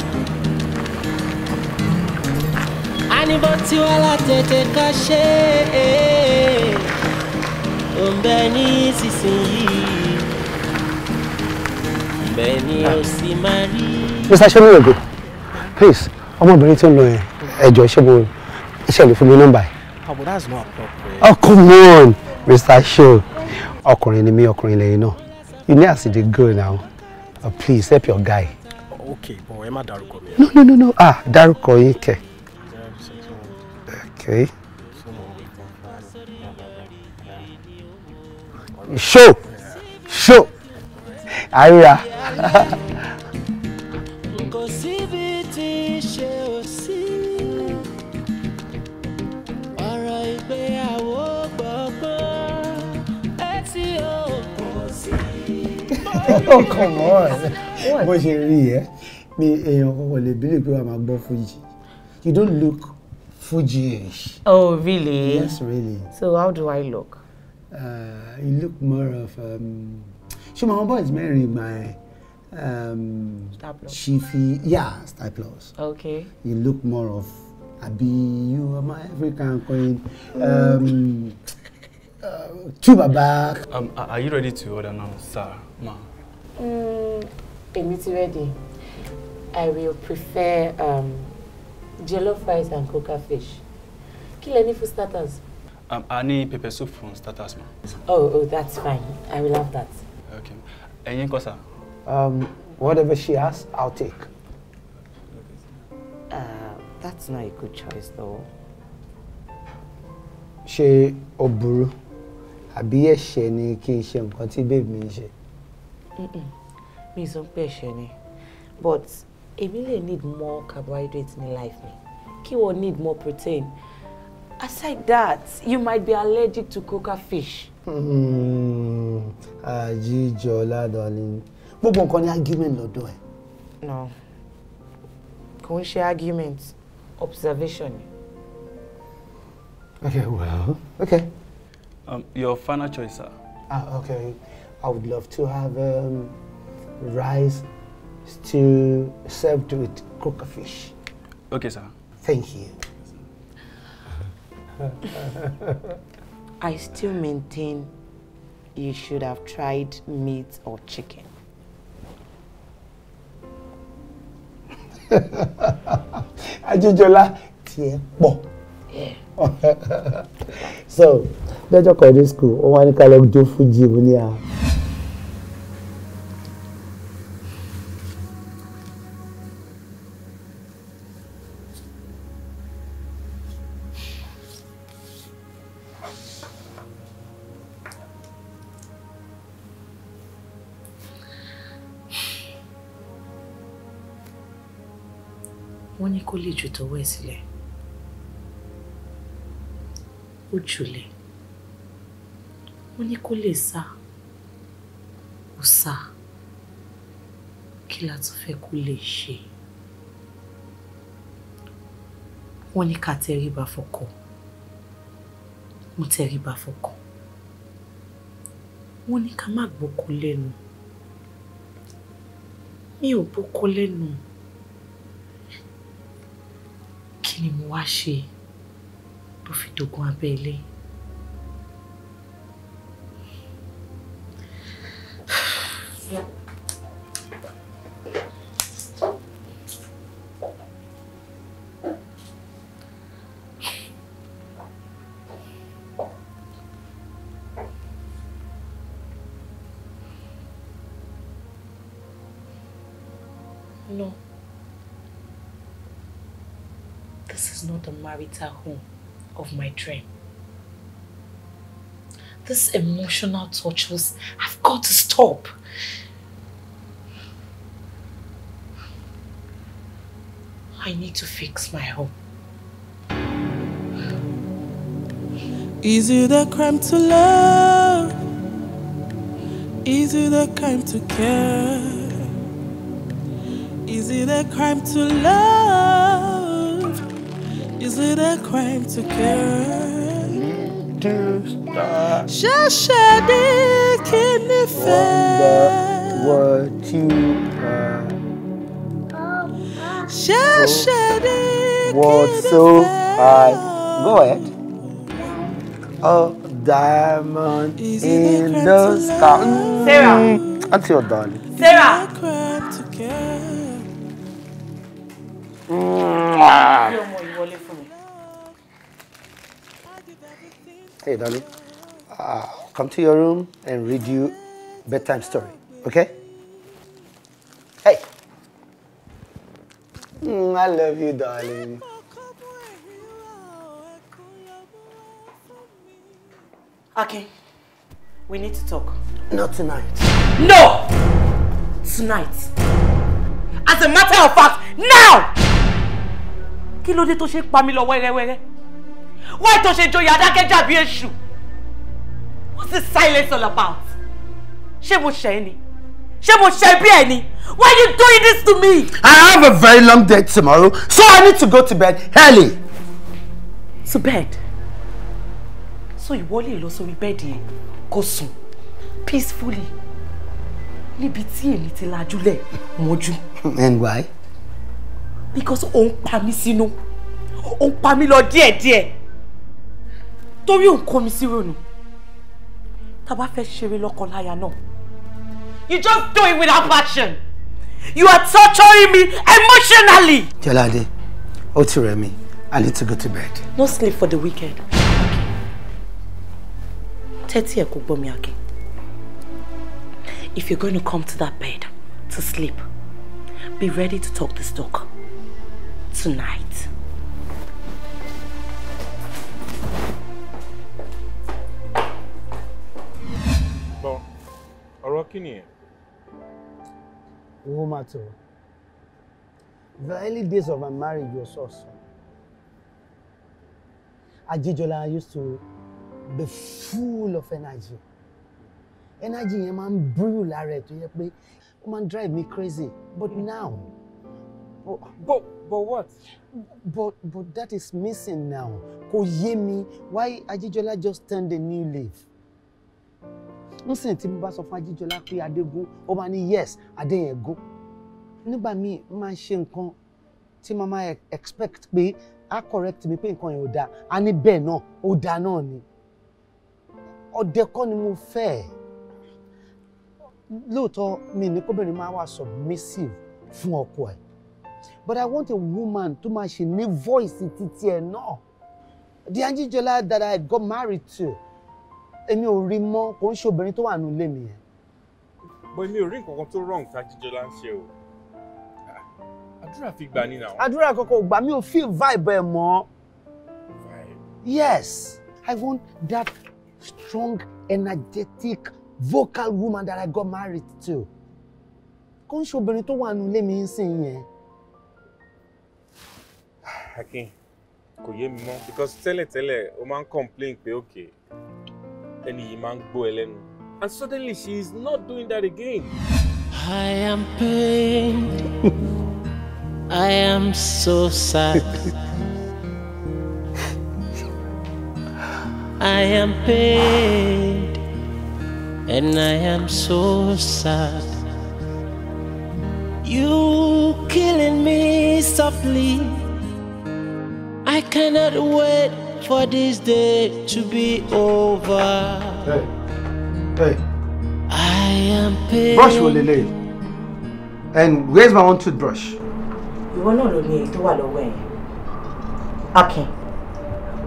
Àníbó tí wà látẹ̀tẹ̀ ká ṣe é, òun bẹ́ẹ̀ Bẹ́ẹ̀ni ó sì máa rí. Mr. Ṣẹ́míyọ̀gbẹ́, please, I'm tí ń lọ yẹn, ẹ̀jọ̀ ṣé mo iṣẹ́ lè fún mi nọ́mbà yìí. Oh, but that's not appropriate. Oh, come on, Mr. Show. Ọkùnrin ni mí, ọkùnrin lẹ́yìn náà. You need as the girl now. Oh, please, help your guy. Oh, okay, but ẹ má dárúkọ mi. No, no, no, no. Ah, dárúkọ yín kẹ̀. Okay. Show! Show! Aria! kò ò sí. ọ̀rọ̀ ìgbéyàwó gbọ̀ngbọ̀n etí ò kò sí. oh come on bó ṣe rí ẹ mi èèyàn kọ́kọ́ lè bí lè pé máa gbọ́ fújì you don't look fujiish. oh really yes really. so how do I look. Uh, you look more of. Um, ṣé mo àwọn boys mẹ́rin gbà ẹ́ um, star plus. yeah, stop. plus. Okay. You look more of Abi, you are my African queen. Um, uh, tuba back. Um, are you ready to order now, sir, ma? Mm, I'm ready. I will prefer um, jollof rice and coca fish. Kill any food starters? Um, I need pepper soup from starters, ma. Oh, oh, that's fine. I will have that. Okay. Any cosa? Um, whatever she asks, I'll take. Uh, that's not a good choice, though. She oburu burú? Àbí ẹ̀ṣẹ̀ ni kí n ṣe nǹkan tí babe mi ń ṣe? Mi sọ pé ẹ̀ṣẹ̀ ni. But èmi lè need more carbohydrates in life mi. Kí wọ́n need more protein. Aside that, you might be allergic to coca fish. Mm ládàá ni. Mm, uh, gbogbo nǹkan ni argument lọ́dọ̀ ẹ̀. no kò ń ṣe argument observation okay well okay. Um, your final choice sir. ah okay I would love to have um, rice stew served with croaker fish. okay sir. thank you. I still maintain you should have tried meat or chicken. ajíjọlá tiẹ̀ pọ̀ so lọ́jọ́ kan ní school wọ́n wá ní ká jó fújì mu ní a. Ah. wọ́n ní kó lè ju tọwọ́ ẹ̀ sílẹ̀ ó jùlẹ̀ wọ́n ní kó lè sá ó sá kí la tún fẹ́ kó lè ṣe wọ́n ní ká tẹríba fọkọ mo tẹríba fọkọ wọ́n ní ká má gbóko lẹ́nu mi ò gbóko lẹ́nu. No ki ni mwashi pou fitou kwa peli. not the marital home of my dream. These emotional tortures have got to stop. I need to fix my home. Is it a crime to love? Is it a crime to care? Is it a crime to love? Is it a crime to care? Need to stop. Shashadi kidney fair. What you are. Shashadi What so high. Go ahead. A diamond in the sky. Sarah. Until darling. Sarah. Hey, darling. Uh, come to your room and read you bedtime story, okay? Hey. Mm, I love you, darling. Akin, we need to talk. Not tonight. No! Tonight. As a matter of fact, now! Kí ló dé tó ṣe pa mí lọ wẹ́rẹ́wẹ́rẹ́? why don't you tó ṣe joyè be bí èṣù what's this silence all about ṣé mo ṣe é ni ṣé mo ṣe why are you doing this to me. I have a very long day tomorrow so I need to go to bed early. to bed so ìwọ lè lọ sórí bed here, go soon, peacefully níbi tí èmi ti lajúlẹ̀ mọ́jú. and why. because on ń pa mí sínú ó ń torí òun kó mi sí ronú tá bá fẹ́ ṣeré lọ́kọláya náà you just do it without passion you are torturing me emotionally. Jọládé ó ti rẹ̀ mí I need to go to bed. no sleep for the weekend. tẹ́tí ẹ̀ kò gbọ́ mi àkè if you're going to come to that bed to sleep be ready to talk this talk tonight. kí nìyẹn. It won't The early days of our marriage was awesome. Ajijola used to be full of energy. Energy yẹn máa ń brew lára ẹ̀ tó yẹ pé ó máa ń drive me crazy. But now. but but what? But but that is missing now. Kò yé mi why Ajijola just turned a new leaf nísìnyí tí mo bá sọ fún ajíjọlá pé adégún ó máa ní yes adéyẹngún nígbà míì máa ṣe nǹkan tí màmá expect pé á correct mi pé nǹkan yẹn ò dáa á ní bẹ́ẹ̀ náà ó dáa náà ni ọdẹ kọ́ ni mo fẹ́ lóòótọ́ mi ní kóbìnrin máa wà submissive fún ọkọ ẹ̀ but I want a woman tó máa ṣe ní voice títí ẹ̀ náà the Anjijola that I got married to èmi ò rí mọ́ kò ń ṣe obìnrin tó wà nínú ilé mi yẹn. bọ́ èmi ò rí nǹkan kan tó wrong tá a jíjọ o àdúrà fi gbà ní náà. àdúrà kọ́kọ́ gbà mí ò feel vibe ẹ̀ mọ́. yes i want that strong energetic vocal woman that i got married to. kò ń ṣe obìnrin tó wà nínú ilé mi sìn yẹn. Akin kò yé mi mọ́ because tẹ́lẹ̀tẹ́lẹ̀ o máa ń complain pé okay And suddenly she is not doing that again. I am pain. I am so sad. I am pain, And I am so sad. You killing me softly. I cannot wait for this day to be over. Hey. Hey. I am paid. Brush will delay. And where's my own toothbrush? You náà ló ní èyí tó wà lọ́wọ́ Okay.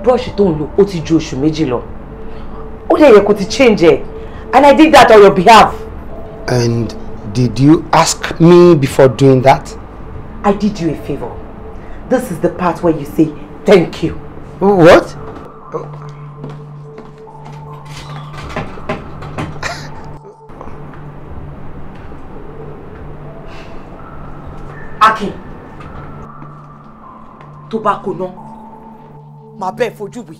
brush it on you. Oti Joshua, ju oṣù méjì lọ. change ẹ̀. And I did that on your behalf. And did you ask me before doing that? I did you a favor. This is the part where you say thank you. What? Oh. Akin, tó bá koná, for bẹ́ẹ̀ fojú wì.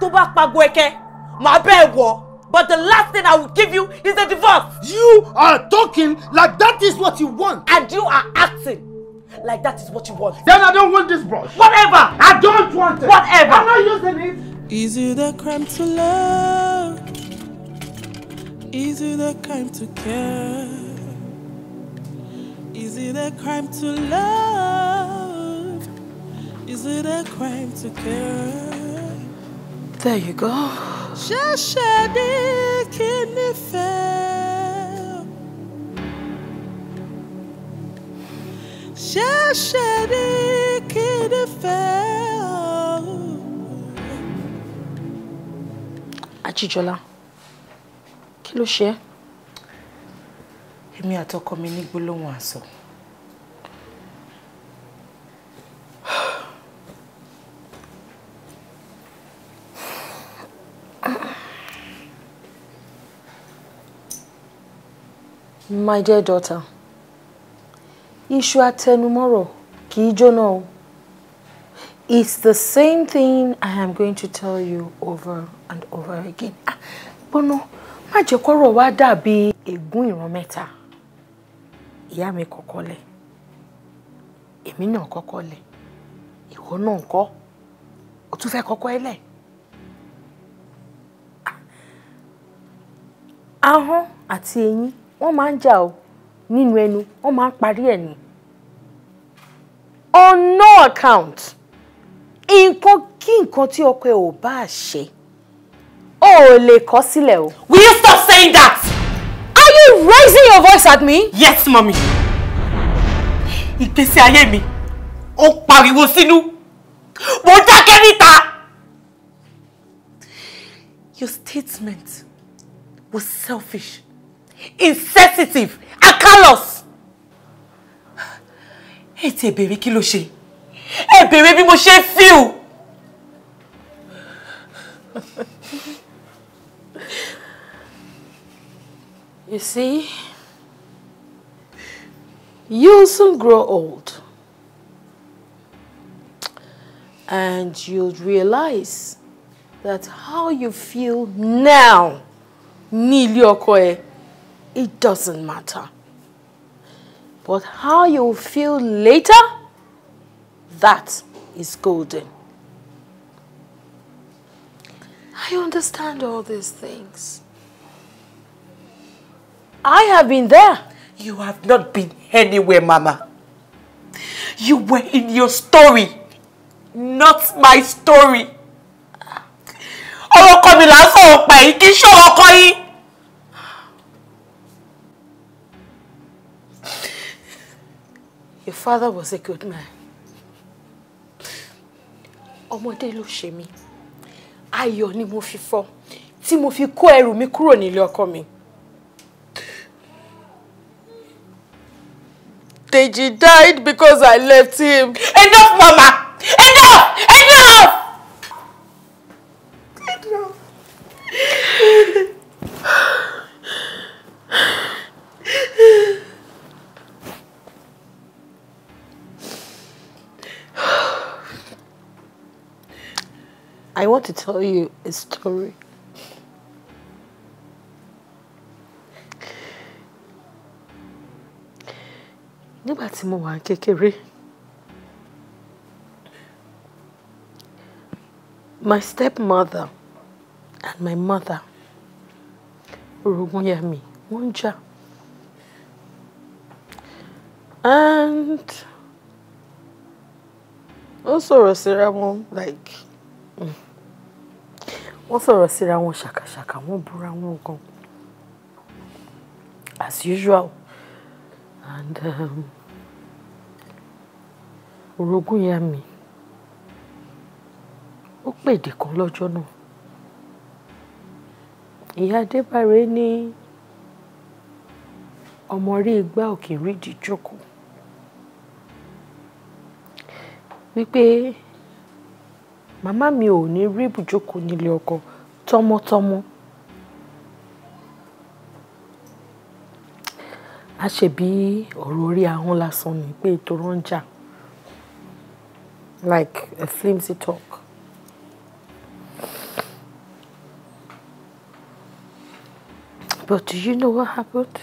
Tó bá pago ẹ̀kẹ́, But the last thing I will give you is a divorce. You are talking like that is what you want. And you are acting. like that is what you want. Then I don't want this brush. Whatever. I don't want it. Whatever. I'm not using it. Is it a crime to love? Is it a crime to care? Is it a crime to love? Is it a crime to care? There you go. Şaşarı kedefe Ajíjọlá, kí ló ṣe é? Èmi àtọkọ mi ní gbólóhùn àsọ. My dear daughter, iṣu atẹnumọ́rọ̀ kì jóná o. It's the same thing I am going to tell you over and over again. Gbọ́nà ah, má jẹ́ kọ́rọ̀ wá dàbí ègún ìran mẹ́ta. Ìyá mi kọ́kọ́ lẹ̀, èmi náà kọ́kọ́ lẹ̀, ìwọ náà ńkọ́, o tún fẹ́ kọ́kọ́ ẹ lẹ̀. Ah, ahọ́n àti eyín wọ́n máa ń jà o nínú ẹnu wọ́n máa ń parí ẹ̀ ni on no account nǹkan kí nǹkan tí ọkọ ẹ ò bá ṣe o lè kọ sílẹ̀ o. will you stop saying that. are you raising your voice at me. yes mami ìgbésí ayé mi ó pariwo sínú mo dákẹ́ níta. your statement was selfish insensitive akalos ẹ ti ẹ bèrè kí ló ṣe ẹ bèrè bí mo ṣe fíù. You see, you'll soon grow old and you'll realize that how you feel now ní ilé ọkọ It doesn't matter. But how you feel later, that is golden. I understand all these things. I have been there. You have not been anywhere, Mama. You were in your story, not my story. Ọ̀rọ̀ mi lásán ọ̀pá yìí kì í Your father was a good man. Ọmọdé ló ṣe mí. Ayọ̀ ni mo fi fọ́ tí mo fi kó ẹrù mi kúrò nílé ọkọ mi. Deji died because I left him. Enough, Mama! want to tell you a story. Nígbà tí mo wà kékeré, my stepmother and my mother, orogún yà mí, wọ́n jà. And ó sọ̀rọ̀ síra wọn like. Mm wọ́n sọ̀rọ̀ síra wọn ṣàkàṣàkà wọ́n búra wọn gan as usual and um, orogún ya mi ó pèdè kan lọ́jọ́ náà ìyá adébáre ní ọmọ rí igbá òkè rídìí jókòó wípé màmá mi ò ní rí ibùjókòó nílé ọkọ tọmọtọmọ. a ṣe bí ọ̀rọ̀ orí ahọ́n lásán ni pé ìtòrò ń jà like a flimsy talk. But do you know what happened?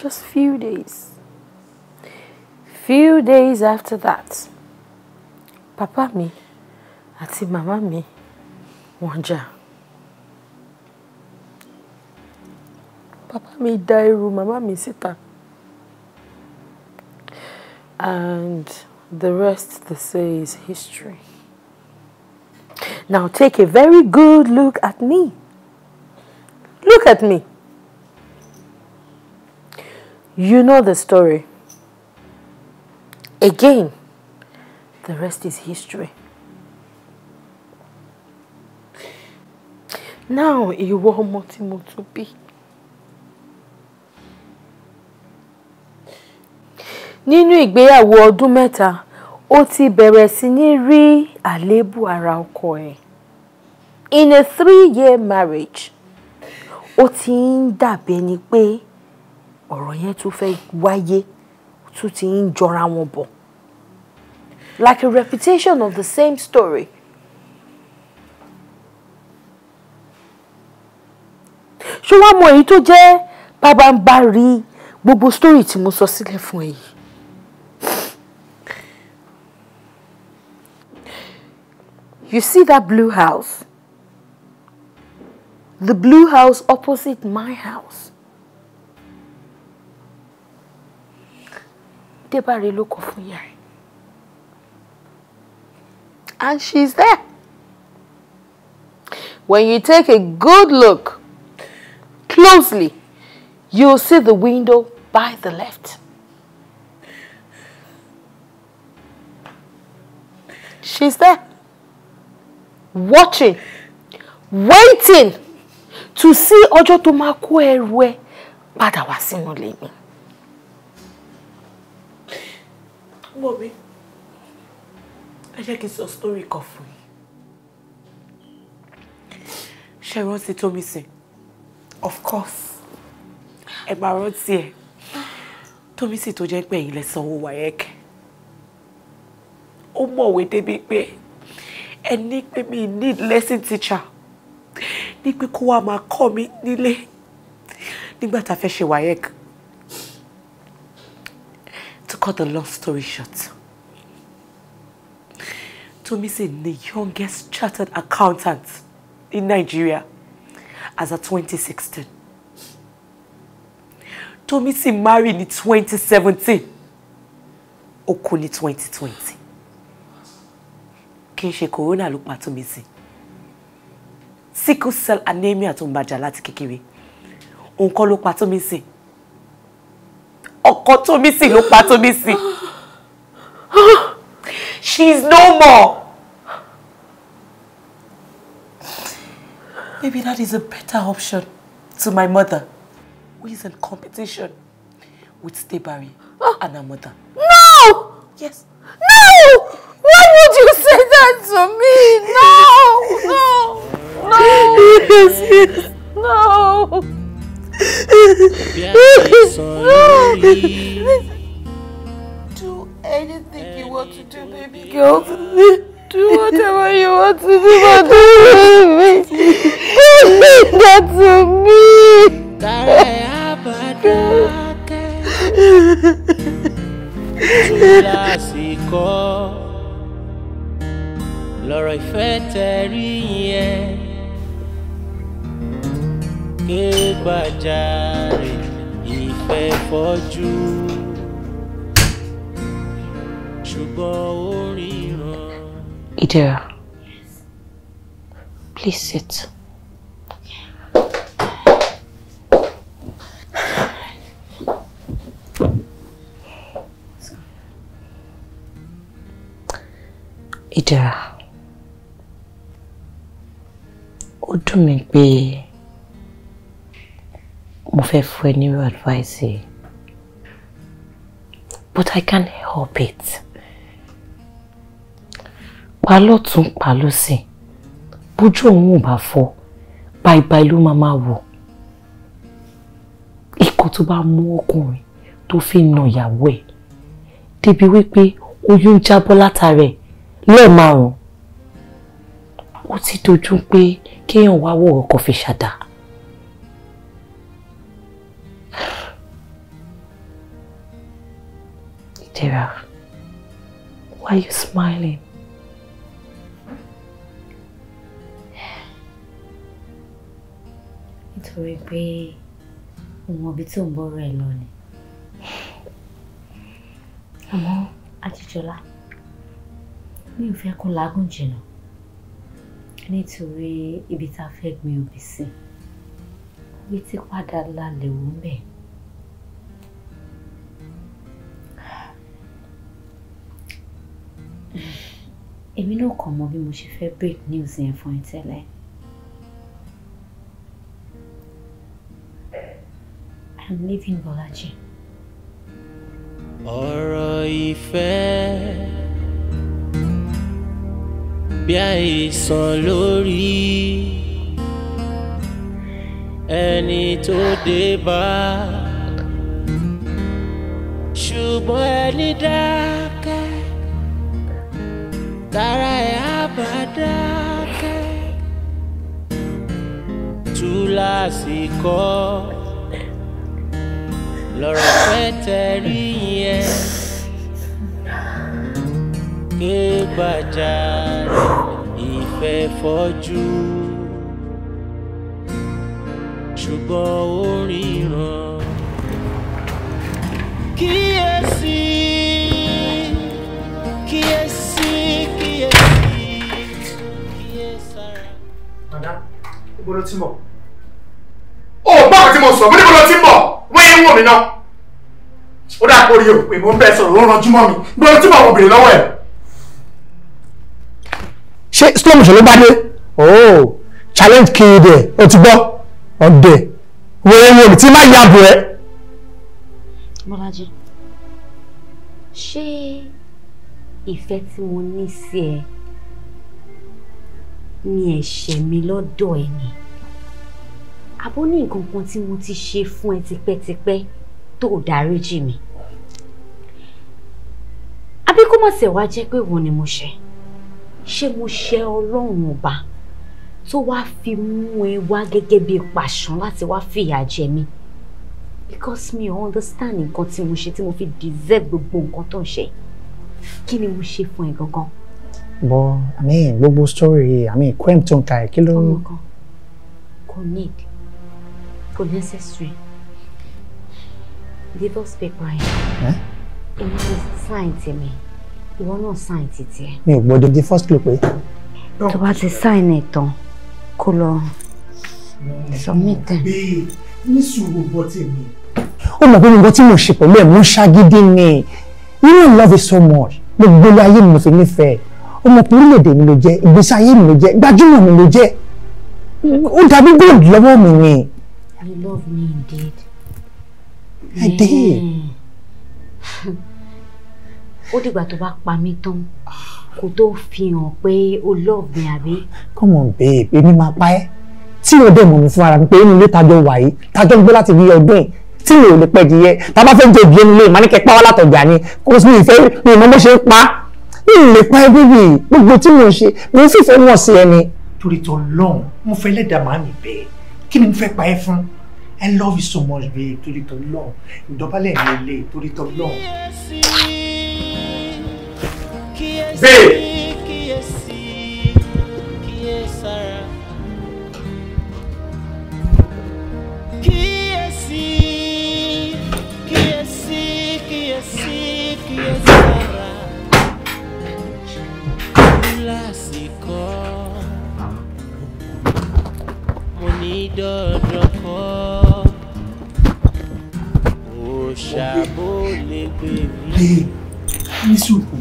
Just few days. Few days after that. Papa mi àti màmá mi wọ́n Papa mi da màmá mi síta. And the rest they say is history. Now take a very good look at me. Look at me. You know the story. Again, The rest is history. Now, you want tí mo tún bí. Nínú ìgbéyàwó ọdún mẹ́ta, ó ti bẹ̀rẹ̀ sí ní rí àléébù ara ọkọ ẹ̀. In a three-year marriage, ó ti ń dàbí ẹni pé ọ̀rọ̀ yẹn tún fẹ́ wáyé, tún ti ń jọra wọn like a repetition of the same story. ṣé wàá mọ èyí tó jẹ́ pabambari gbogbo story tí mo sọ sílẹ̀ fún ẹ yìí. You see that blue house? The blue house opposite my house. Débàrí ló kọ fún yàrá and she's there. When you take a good look closely, you'll see the window by the left. She's there, watching, waiting to see Ojo tó máa kó ẹrù ẹ padà wá sínú ilé mi ẹ jẹ́ kí n sọ sítórì kan fún yín ṣe rántí tómi sìn of course ẹ máa rántí ẹ tómi sì tó jẹ́ pé ẹ̀yin lẹ sanwó wáyẹ́kẹ́ ó mọ̀wé débi pé ẹ ní pé mi need lesson teacher ní pé kó wá máa kọ́ mi nílé nígbà tá a fẹ́ ṣe wáyẹ́kẹ́ to cut the long story short. Tomisi, the youngest chartered accountant in Nigeria as of 2016. Tomisi married in 2017. Okuni 2020. Kì í ṣe corona ló pa Tomisin. Sickle cell anemia tó ń bàjà láti kékeré. Òun kọ́ ló pa Tomisin. Ọkọ Tomisin She's no more. Maybe that is a better option to my mother, who is in competition with Stebari oh. Ah. and her mother. No! Yes. No! Why would you say that to me? No! No! No! Yes, yes. No! no! anything you want to do, baby girl. Do whatever you want to do, but don't leave me. Don't that to me. Lásìkò lọ́rọ̀ ìfẹ́ tẹ̀rí yẹn ké gbàjarè ìfẹ́ fọ́jú. Idera, please sit. Idera, ó do mí pé mo fẹ́ fún advice but I can't help it. pa lọ́tún pa lọ́sì bójú òun ò bá fọ́ báibái ló máa máa wò ikọ̀ tó bá mú ọkùnrin tó fi na ìyàwó ẹ̀ débi wípé oyún jábọ́ látara ẹ̀ lẹ́ẹ̀márùn ó ti dojú pé kéèyàn wá ọkọ̀ fi ṣàdá. Dara, why are you smiling? nítorí pé òun ọbí tó ń bọ́rọ̀ ẹ̀ lọ ni. àmọ́ ajíjọlá mi ò fẹ́ kó làágùn jìnnà nítorí ibi tá a fẹ́ gbin òbí sí òbí ti padà lálẹ́ òun bẹ́ẹ̀. èmi náà kàn mọ bí mo ṣe fẹ́ break news yẹn fún ẹ tẹ́lẹ̀. I'm leaving Bọ́lájí. ọ̀rọ̀ ìfẹ́ bí àìsàn lórí ẹni tó dé bá ṣùgbọ́n ẹni dákẹ́ tára ẹ̀ lọ́rọ̀ fẹ́ tẹ̀rí yẹn ké gbàjarè ìfẹ́ fọ́jú ṣùgbọ́n ó ríran kíyèsí kíyèsí kíyèsí kíyèsára. Madam, ibo ló ti mọ̀? Ó bá àwọn tí mo sọ, mo ní mo lọ ti mọ̀ yín wò náà ó dà kó o pé mo ń bẹ sọ̀rọ̀ ó ranjú mọ́ mi gbọ́dọ̀ tí mo wò bèrè lọ́wọ́ ẹ̀. ṣé storm ṣòro bá dé ooo oh, challenge kiri dẹ o ti gbọ́ ọ̀dẹ̀ wẹ̀rẹ̀ wẹ̀rẹ̀ tí má yàgò ẹ̀. bọ́lájí ṣé ìfẹ́ tí mo ní sí ẹ ni ẹ̀ṣẹ̀ mi lọ́dọ̀ ẹ̀ ni abó ní nǹkan kan tí mo ti ṣe fún ẹ tipẹ́tipẹ́ tó dáríjì mi àbí kó má ṣe wá jẹ́ pé wo ni mo ṣe ṣé mo ṣe ọlọ́run ọba tó wáá fi mú ẹ wá gẹ́gẹ́ bí pàṣán láti wáá fìyà jẹ mi because mi ò understand nǹkan tí mo ṣe tí mo fi deserve gbogbo nǹkan tó ń ṣe kí ni mo ṣe fún ẹ gangan. bọ àmì gbogbo story àmì crime tó ń ka ẹ kí ló. ọmọ kan kò need kò necessary divorce paper yẹn èmi to sign You ìwọ náà sign títí ẹ. mi ò gbọ́dọ̀ di first clue pé. To bá ti sign it, tán kó submit ẹ̀. bẹ́ẹ̀ ní sùúrù bọ́ me ó mọ̀ pé nǹkan tí mo ṣe pẹ̀lú ẹ̀ mo ń ṣagídí ni you know love is so much gbogbo ayé mi mo fi nífẹ̀ẹ́ ọmọkùnrin lèdè mi ló jẹ́ ìgbésí ayé mi ló jẹ́ gbajúmọ̀ mi ló jẹ́ ó dàbí gold lọ́wọ́ mi ni. You love me indeed. I yeah. did. Ó dìgbà tó bá pa mí tán kó tó fi hàn pé o love me àbí. Come on babe, èmi máa pa ẹ́. Tí o dẹ̀ mọ̀ mi fún ara mi pé inú ilé tajọ wà yìí, tajọ ń gbé láti bí ọdún yìí tí mi ò lè pẹ́ di yẹ tá a bá fẹ́ jẹ ìbí ẹni lè má ní kẹ́ pa wá látọ̀jà ni kò sí ìfẹ́ mi ìmọ̀ bó ṣe ń pa mi ò lè pa ẹ́ bíbí gbogbo tí mo ṣe mo ń fìfẹ́ wọ̀n sí ẹni. to tó lọ́hùn-ún mo fẹ́ lẹ́dàá màmí bẹ́ẹ̀ kí ni mo fẹ́ pa ẹ́ fún i love you so much babe torí tọ́ lọ́ọ̀ ìdọ́bálẹ̀ mi lè torí tọ́ lọ́ọ̀. babe.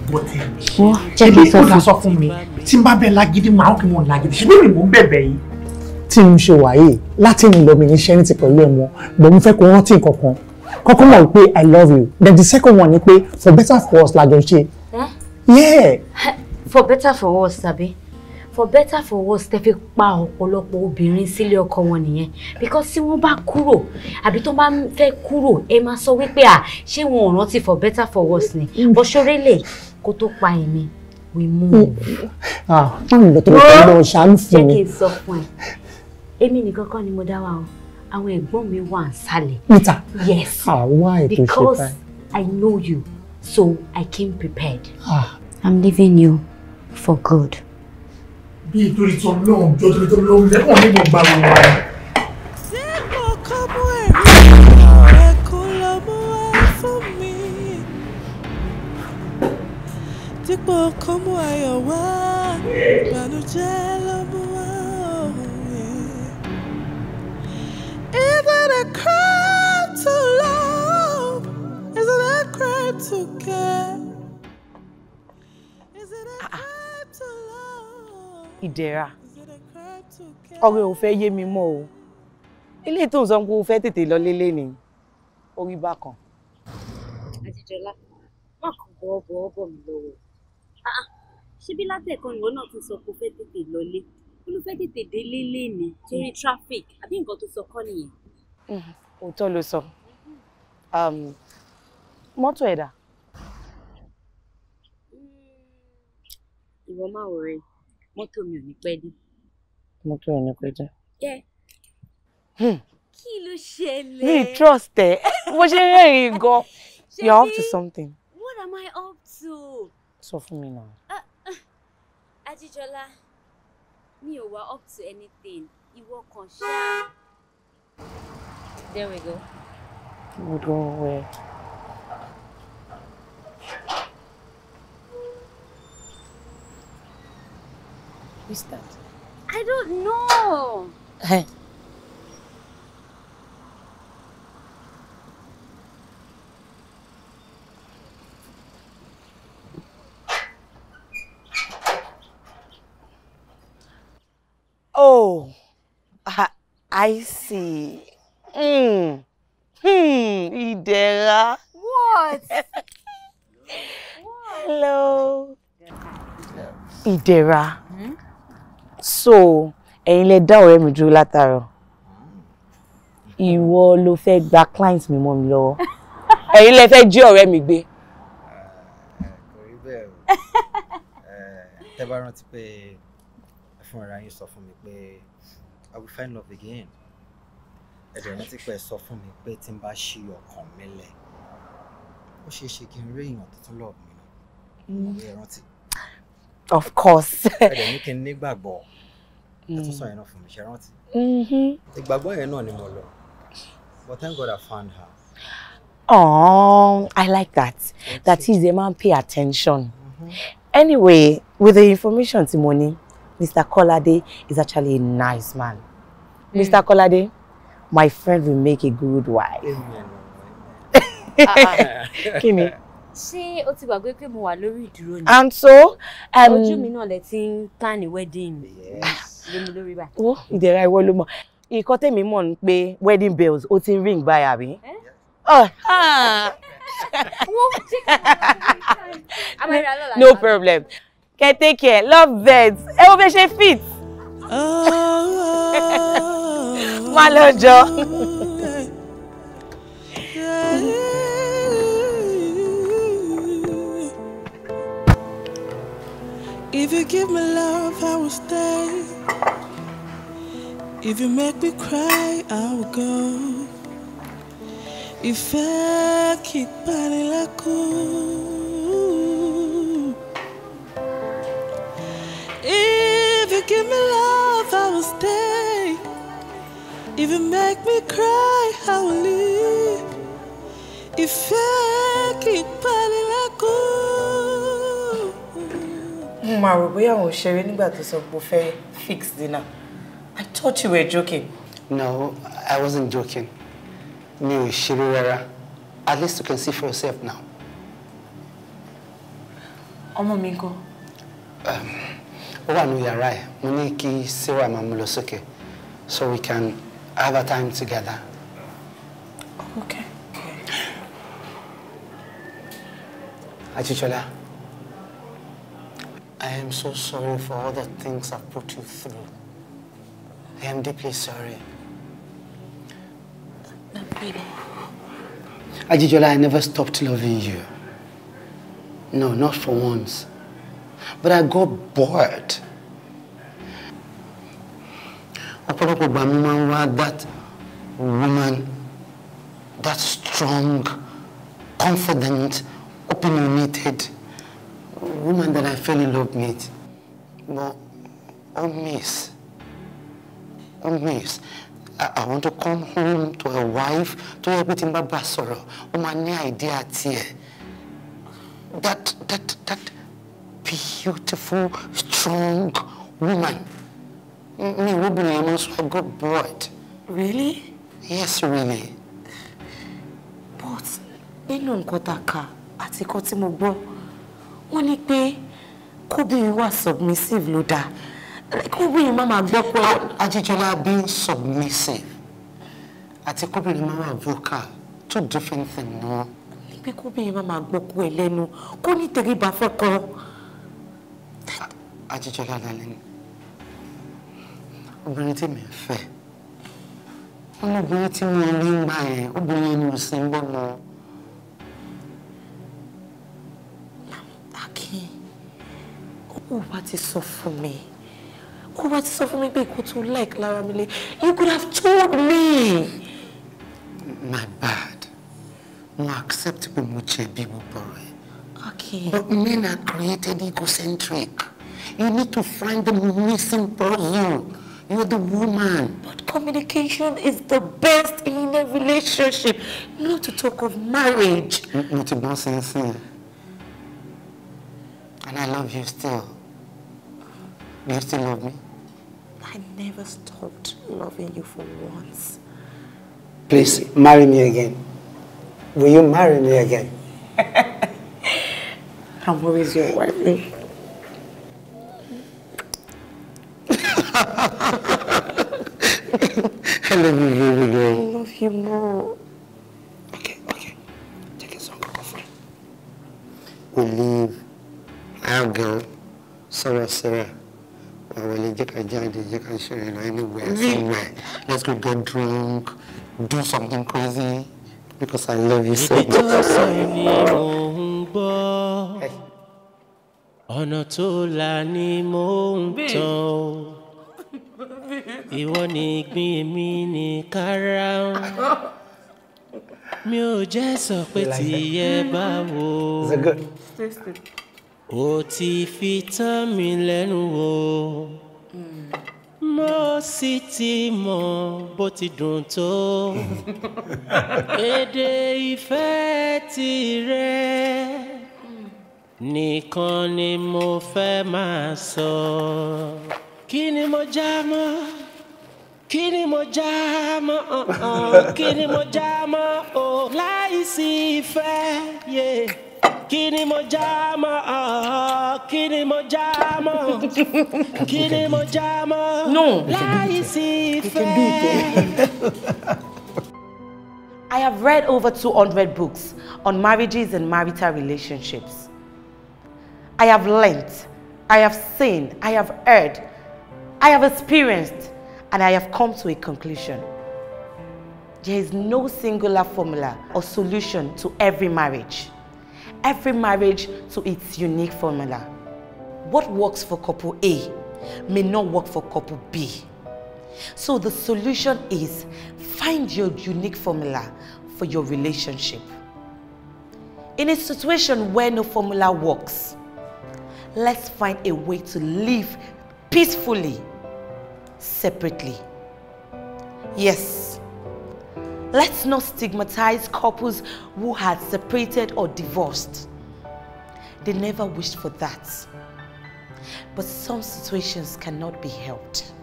gbọ́ tẹ̀ mí. wọ́n jẹ́ kí n sọ fún mi. tí n bá bẹ lágídí máa ń kí wọn lágídí ṣe bẹ́ẹ̀ ni mò ń bẹ̀bẹ̀ yìí. tí n ṣe wáyé láti ń lọ mi ní ṣẹ́ni ti pẹ̀lú ẹ̀ wọn bọ̀ fẹ́ kó rántí nǹkan kan kọ́kọ́ mọ̀ pé i love you then the second one ni pé for better for us lajọ ṣe. yeah. for better for us sabi for better for us, tẹ́ fi pa ọ̀pọ̀lọpọ̀ obìnrin sílé ọkọ wọn nìyẹn because tí wọ́n bá kúrò àbí tó bá fẹ́ kúrò ẹ máa sọ wípé à ṣé wọn ò rántí for better for us, ni mm. bọ́sọ̀rẹ́lẹ̀ kó tó pa èmi we move. Mm. ah báwo lọ tó lọ tó lọ ṣàánú fún mi. jẹ́ kí n sọ fún ẹ èmi nìkan kọ́ ni mo dá wa o àwọn ẹ̀gbọ́n mi wà ń sálẹ̀. níta yes àwa ah, ètò because i know you so i came prepared. ah. i'm leaving you for good. bí ìtòlítọ́ lọ́hùn jọ́tòlítọ́ lọ́hùn lẹ́kọ̀ọ́ nígbà gbàgbọ́ wa. dípò kó mú ayọ̀ wá ìbànújẹ́ ló mú wá òye. Is it a crime to love? Is it a crime to care? Is it a ah, ah. crime to love? Ìdẹ̀ra ọ̀rẹ́ ò fẹ́ yé mi mọ́ o ilé tó ń sọ pé o fẹ́ tètè lọ lélé ni orí bákan. àtijọ́lá má kàn bọ́ bọ́ bọ̀ mí lọ́wọ́ ṣebí látẹ̀kan ìwọ náà ti sọ pé o fẹ́ tètè lọlé o ló fẹ́ tètè délé léni torí traffic àbí nǹkan tó sọ kọ́ nìyẹn. Hmm, òótọ́ ló sọ um, mọ́tò ẹ̀dá. Hmm, ìwọ máa wọ rẹ mọ́tò mi ò ní pẹ́ dé. mọ́tò ò ní pẹ́ dé. Hmm. kí ló ṣẹlẹ̀. mi trust ẹ bó ṣe ń rẹ́rìn-ín gan you are up to something. what am I up to. sọ fún mi náà. Ah, Ajíjọlá me you were up to anything You were conscious. There we go. We go away. Who's that? I don't know. I see. Hmm. Hmm. Idera. What? Hello. Idera. Hmm? So, ẹ̀yin lẹ dá ọ̀rẹ́ mi dúró látàárọ̀. Ìwọ ló fẹ́ gba client mi mọ́ mi lọ́wọ́. Ẹ̀yin lẹ fẹ́ jí ọ̀rẹ́ mi gbé. Kò rí bẹ́ẹ̀ o. Tẹ́ bá rántí pé ẹ fún ara yín sọ fún mi pé. I will find love again. Ẹ̀dẹ̀ rántí pé sọ fún mi pé tí n bá ṣí ọkàn mi lẹ̀, ó ṣeé ṣe kí n rí èèyàn tuntun lọ́ọ̀bù mi lọ. Ọ̀rẹ́ mm. rántí. Of course. Ẹ̀dẹ̀ ní kí n nígbàgbọ́. Ẹ tún sọ mm. yẹn náà fún mi, ṣe rántí. Mm-hmm. Ìgbàgbọ́ yẹn náà ni mo lọ. But thank God I found her. Oh, I like that. That is a man pay attention. Mm-hmm. Anyway, with the information tí mo ní. Mr. Kolade is actually a nice man. Mm. Mr. Kolade, my friend will make a good wife. Amen. Kí ni? Ṣé o ti gbàgbé pé mo wà lórí ìdúró ni? And so, um, ojú mi náà lè ti ń plan wedding. Yes. Lómi lórí báyìí. Ó oh, ìdẹ̀ra ìwọ ló mọ̀. Ìkọ́ tèmi mọ̀ ni pé wedding bells ó ti ń ring báyìí àbí? Oh. No problem. Can take care. Love birds. Ẹ wo fẹ́ ṣe fit. Oh. Má If you give me love, I will stay. If you make me cry, I will go. If I Ìfẹ́ kìí like lẹ́kọ̀ọ́. you give me love, I will stay. If you make me cry, I will leave. If kì í pani lẹ́kùn. Mo máa rò bóyá sharing ṣeré nígbà tó sọ pé dinner. I thought you were joking. No, I wasn't joking. New Shiruera. At least you can see for yourself now. Ọmọ mi ńkọ́. Um, ó wà ní yàrá ẹ̀ mo ní kí sarah máa mú lọ sókè so we can have a time together. okay. Achichola, I am so sorry for all the things I put you through. I am deeply sorry. No, really. Ajijola, I never stopped loving you. No, not for once but I got bored. ọ̀pọ̀lọpọ̀ gbà mí máa that woman that strong confident opinionated woman that I fell in love with but I oh, miss I oh, miss I, I want to come home to a wife to everything. My tí n bá idea tiẹ̀ that that that beautiful, strong woman. Me, Ruben Amos, a good boy. Really? Yes, really. But nínú nǹkan tá a kà àti nǹkan tí mo gbọ́, wọ́n ní pé kóbìnrin wà submissive ló dáa. Kóbìnrin máa máa gbọ́ pé. Ah, Ajíjọba being submissive Ati kóbìnrin máa máa vocal two different things ni wọ́n. Ní pé kóbìnrin máa máa gbọ́ kú ẹ Ajíjọlá lálẹ́ ni obìnrin tí mi ń fẹ́ wọn lóbìnrin tí mo rí ń gbà yẹn obìnrin ni ò sí ń bọ̀ lọ. Akin ó wá ti sọ fún mi ó wá ti sọ fún mi pé kò tún like lára mi lé you could have told me. My bad mo accept pé mo jẹ̀bi gbogbo rẹ̀. Akin. But men are created egocentric. You need to find the missing person. You're the woman. But communication is the best in a relationship. Not to talk of marriage. Mo ti gbọ́n And I love you still. Do you still love me? I never stopped loving you for once. Please, marry me again. Will you marry me again? I'm always your wife. I love you very much. I love you more. Okay, okay. Take a song off. We leave our girl, Sarah Sarah. Well, you can judge, you can share anywhere, somewhere. Let's go get drunk, do something crazy, because I love you so much. ọ̀nà tó là ní mò ń tọ́ ìwọ ni ìgbín èmi ni kára mi ò jẹ́ sọ pé tìyẹ bá wo o ti fi tán mi lẹ́nu wò mo sì ti mọ bó ti dùn tó èdè ìfẹ́ tirẹ̀ nìkan ni mo fẹ́ máa sọ. So. Kini mo jama, kini mo jama, uh -uh. kini mo jama, oh, láìsí ìfẹ́, yeah. Kini mo jama, uh, kini mo jama, kini mo jama, no, láìsí ìfẹ́. I have read over 200 books on marriages and marital relationships. I have learnt, I have seen, I have heard, I have experienced and I have come to a conclusion. There is no singular formula or solution to every marriage. Every marriage to its unique formula. What works for couple A may not work for couple B. So the solution is find your unique formula for your relationship. In a situation where no formula works, let's find a way to live peacefully separately. Yes, let's not stigmatize couples who had separated or divorced. They never wished for that. But some situations cannot be helped.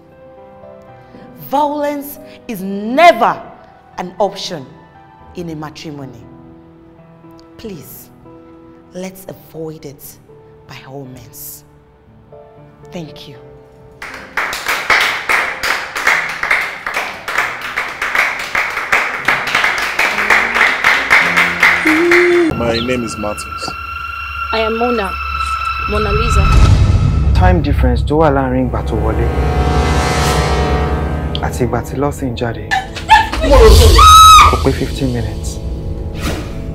Violence is never an option in a matrimony. Please, let's avoid it by all means. Thank you. My name is Martins. I am Mona. Mona Lisa. Time difference tó wà láàrin ìgbà tó wọlé àti ìgbà tí lọ́sìn jáde. Kò pé fifteen minutes.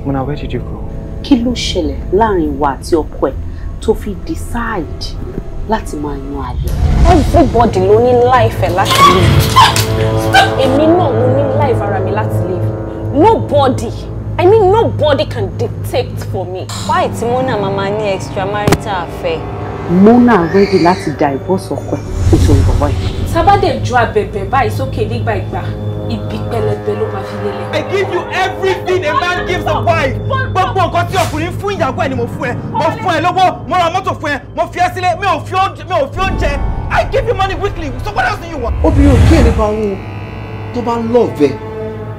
Mona, where did you go? Kí ló ṣẹlẹ̀ láàrin ìwà àti ọkọ ẹ̀ tó fi decide láti máa yan àlè? Everybody ló ní life ẹ̀ láti live. Èmi náà mo ní life ara mi láti live. Nobody. I mean, nobody can detect for me. Why tí Mona mama ní extramarital affair? Mona ready láti divorce ọkọ ẹ̀ nítorí bọ̀bọ̀ yìí. Sábàdé ju abẹ̀bẹ̀ báyìí sókè nígbà ìgbà. Ibi pẹlẹbẹ ló máa fi lélẹ̀. I give you everything a man gives a wife. Gbogbo nǹkan tí ọkùnrin fún ìyàwó ẹ̀ ni mo fún ẹ. Mo fún ẹ lówó, mo ra mọ́tò fún ẹ, mo fi ẹ sílé, mi ò fi oúnjẹ. I give you money weekly, so what else do you want? Obi, ò kí èrè bá wọn tó bá ń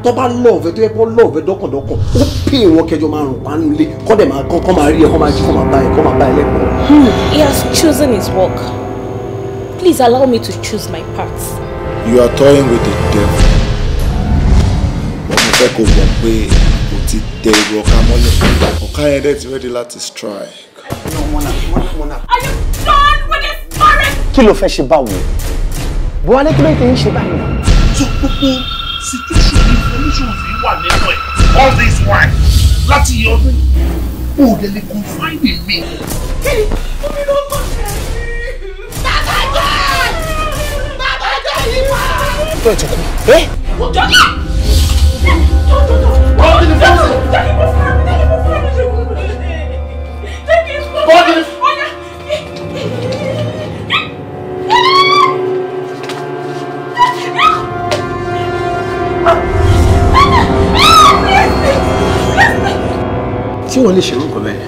tó bá lọ́ọ̀fẹ́ tó yẹ kó lọ́ọ̀fẹ́ dọ́kàndọ́kàn ó pè wọn kẹjọ máa rùn pánú lé kọ́ dẹ̀ máa kọ́ kọ́ máa rí ẹ kọ́ máa jí kọ́ máa bá ẹ kọ́ máa bá ẹ lẹ́kọ̀ọ́. Hmm, he has chosen his work. Please allow me to choose my part. You are toying with the devil. mo fẹ́ kó mọ̀ pé o ti tẹ ìwọ ọ̀ka mọ́lẹ̀ ọ̀ka yẹn dẹ̀ ti ready láti strike. kí ló fẹ́ ṣe báwo buhari kí ló ti ń ṣe báyìí. sọ pé pé issues yìí wà nínú ẹ̀ all this while láti yọ ọdún o ò dẹ̀ lè confide in me. kí ni omi ló ń bọ̀ sí. bàbá jọ bàbá jọ yìí wá. ọjọ́ ẹ̀ tó kú. ọjọ́ náà. Bọ́ọ̀dì ni fọ́ọ̀sì. Bọ́ọ̀dì ni fọ́ọ̀sì. tí wọ́n lè ṣe nǹkan bẹ́ẹ̀.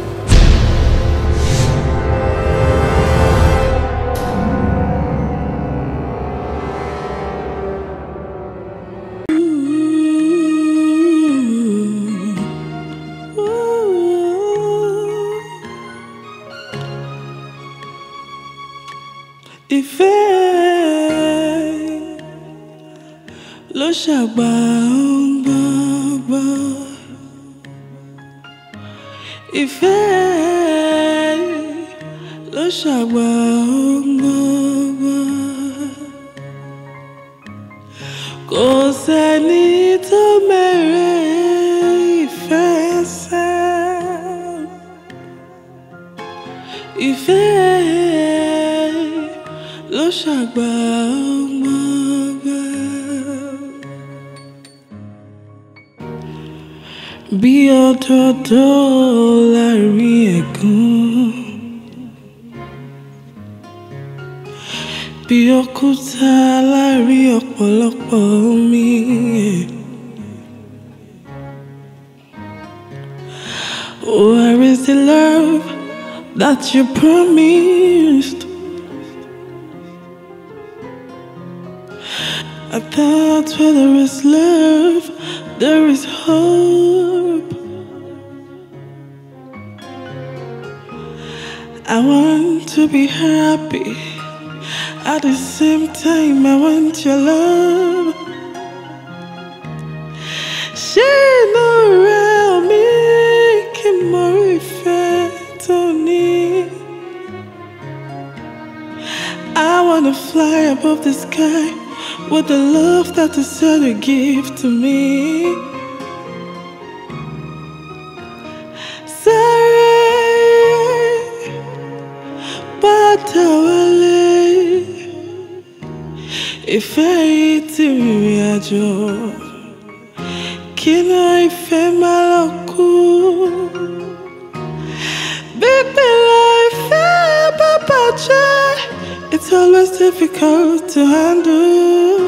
Ìfẹ́ ló ṣàgbà. ṣàwà ọmọ wa kò sẹ́ni tó mẹ́rẹ̀ ìfẹ́ sẹ́ ìfẹ́ ló ṣàgbà ọmọ wa bí ọdọọdọ láàrin ẹ̀gún. Oh, where is the love that you promised? I thought where there is love, there is hope. I want to be happy. At the same time, I want your love. Shine around me, kí mo rí I wanna fly above the sky with the love that the sun will give to me. ìfẹ́ ti rìnrìn àjò kí ìfẹ́ máa lọ kú. ìfẹ́ bá bàjẹ́ it's always difficult to handle.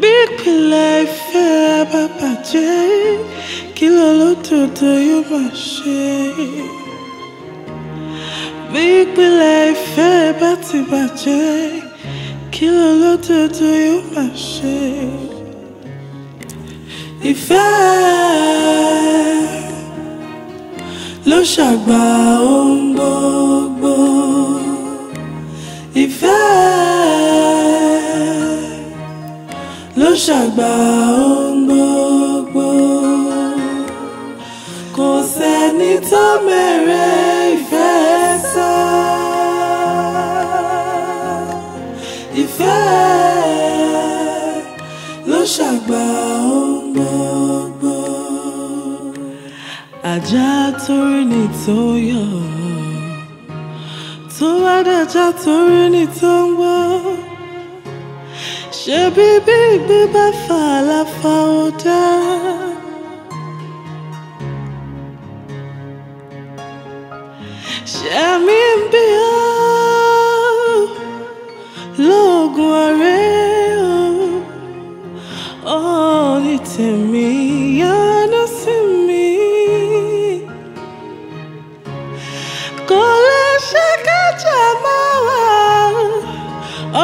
Bípínlẹ̀ ìfẹ́ bá bàjẹ́ kí ló lódodo yóò máa ṣe. Bípínlẹ̀ ìfẹ́ bá ti Kila lote tuyo mache Ìfẹ́ ló ṣàgbà ohun gbogbo Ìfẹ́ ló ṣàgbà ohun gbogbo Kò sẹ́ni tó mèrè ìfẹ́ ìfẹ́ ló ṣàgbà ọmọ ọgbọ́n. ajá torí ni tó yọ tó wá dájá torí ni tó ń gbọ́. ṣebí bí ìgbé bá fà láfa ó dá. ṣẹ̀mí ń bí lóògùn ọ̀rẹ́ o ò ní tèmi yánà sí mi. kò lè ṣe kájà máa wà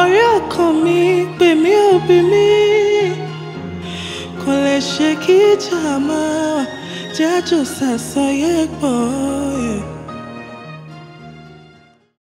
ọ̀rẹ́ ọkàn mi pè mí òbí mi kò lè ṣe kíjà máa wà jájò sàsọyé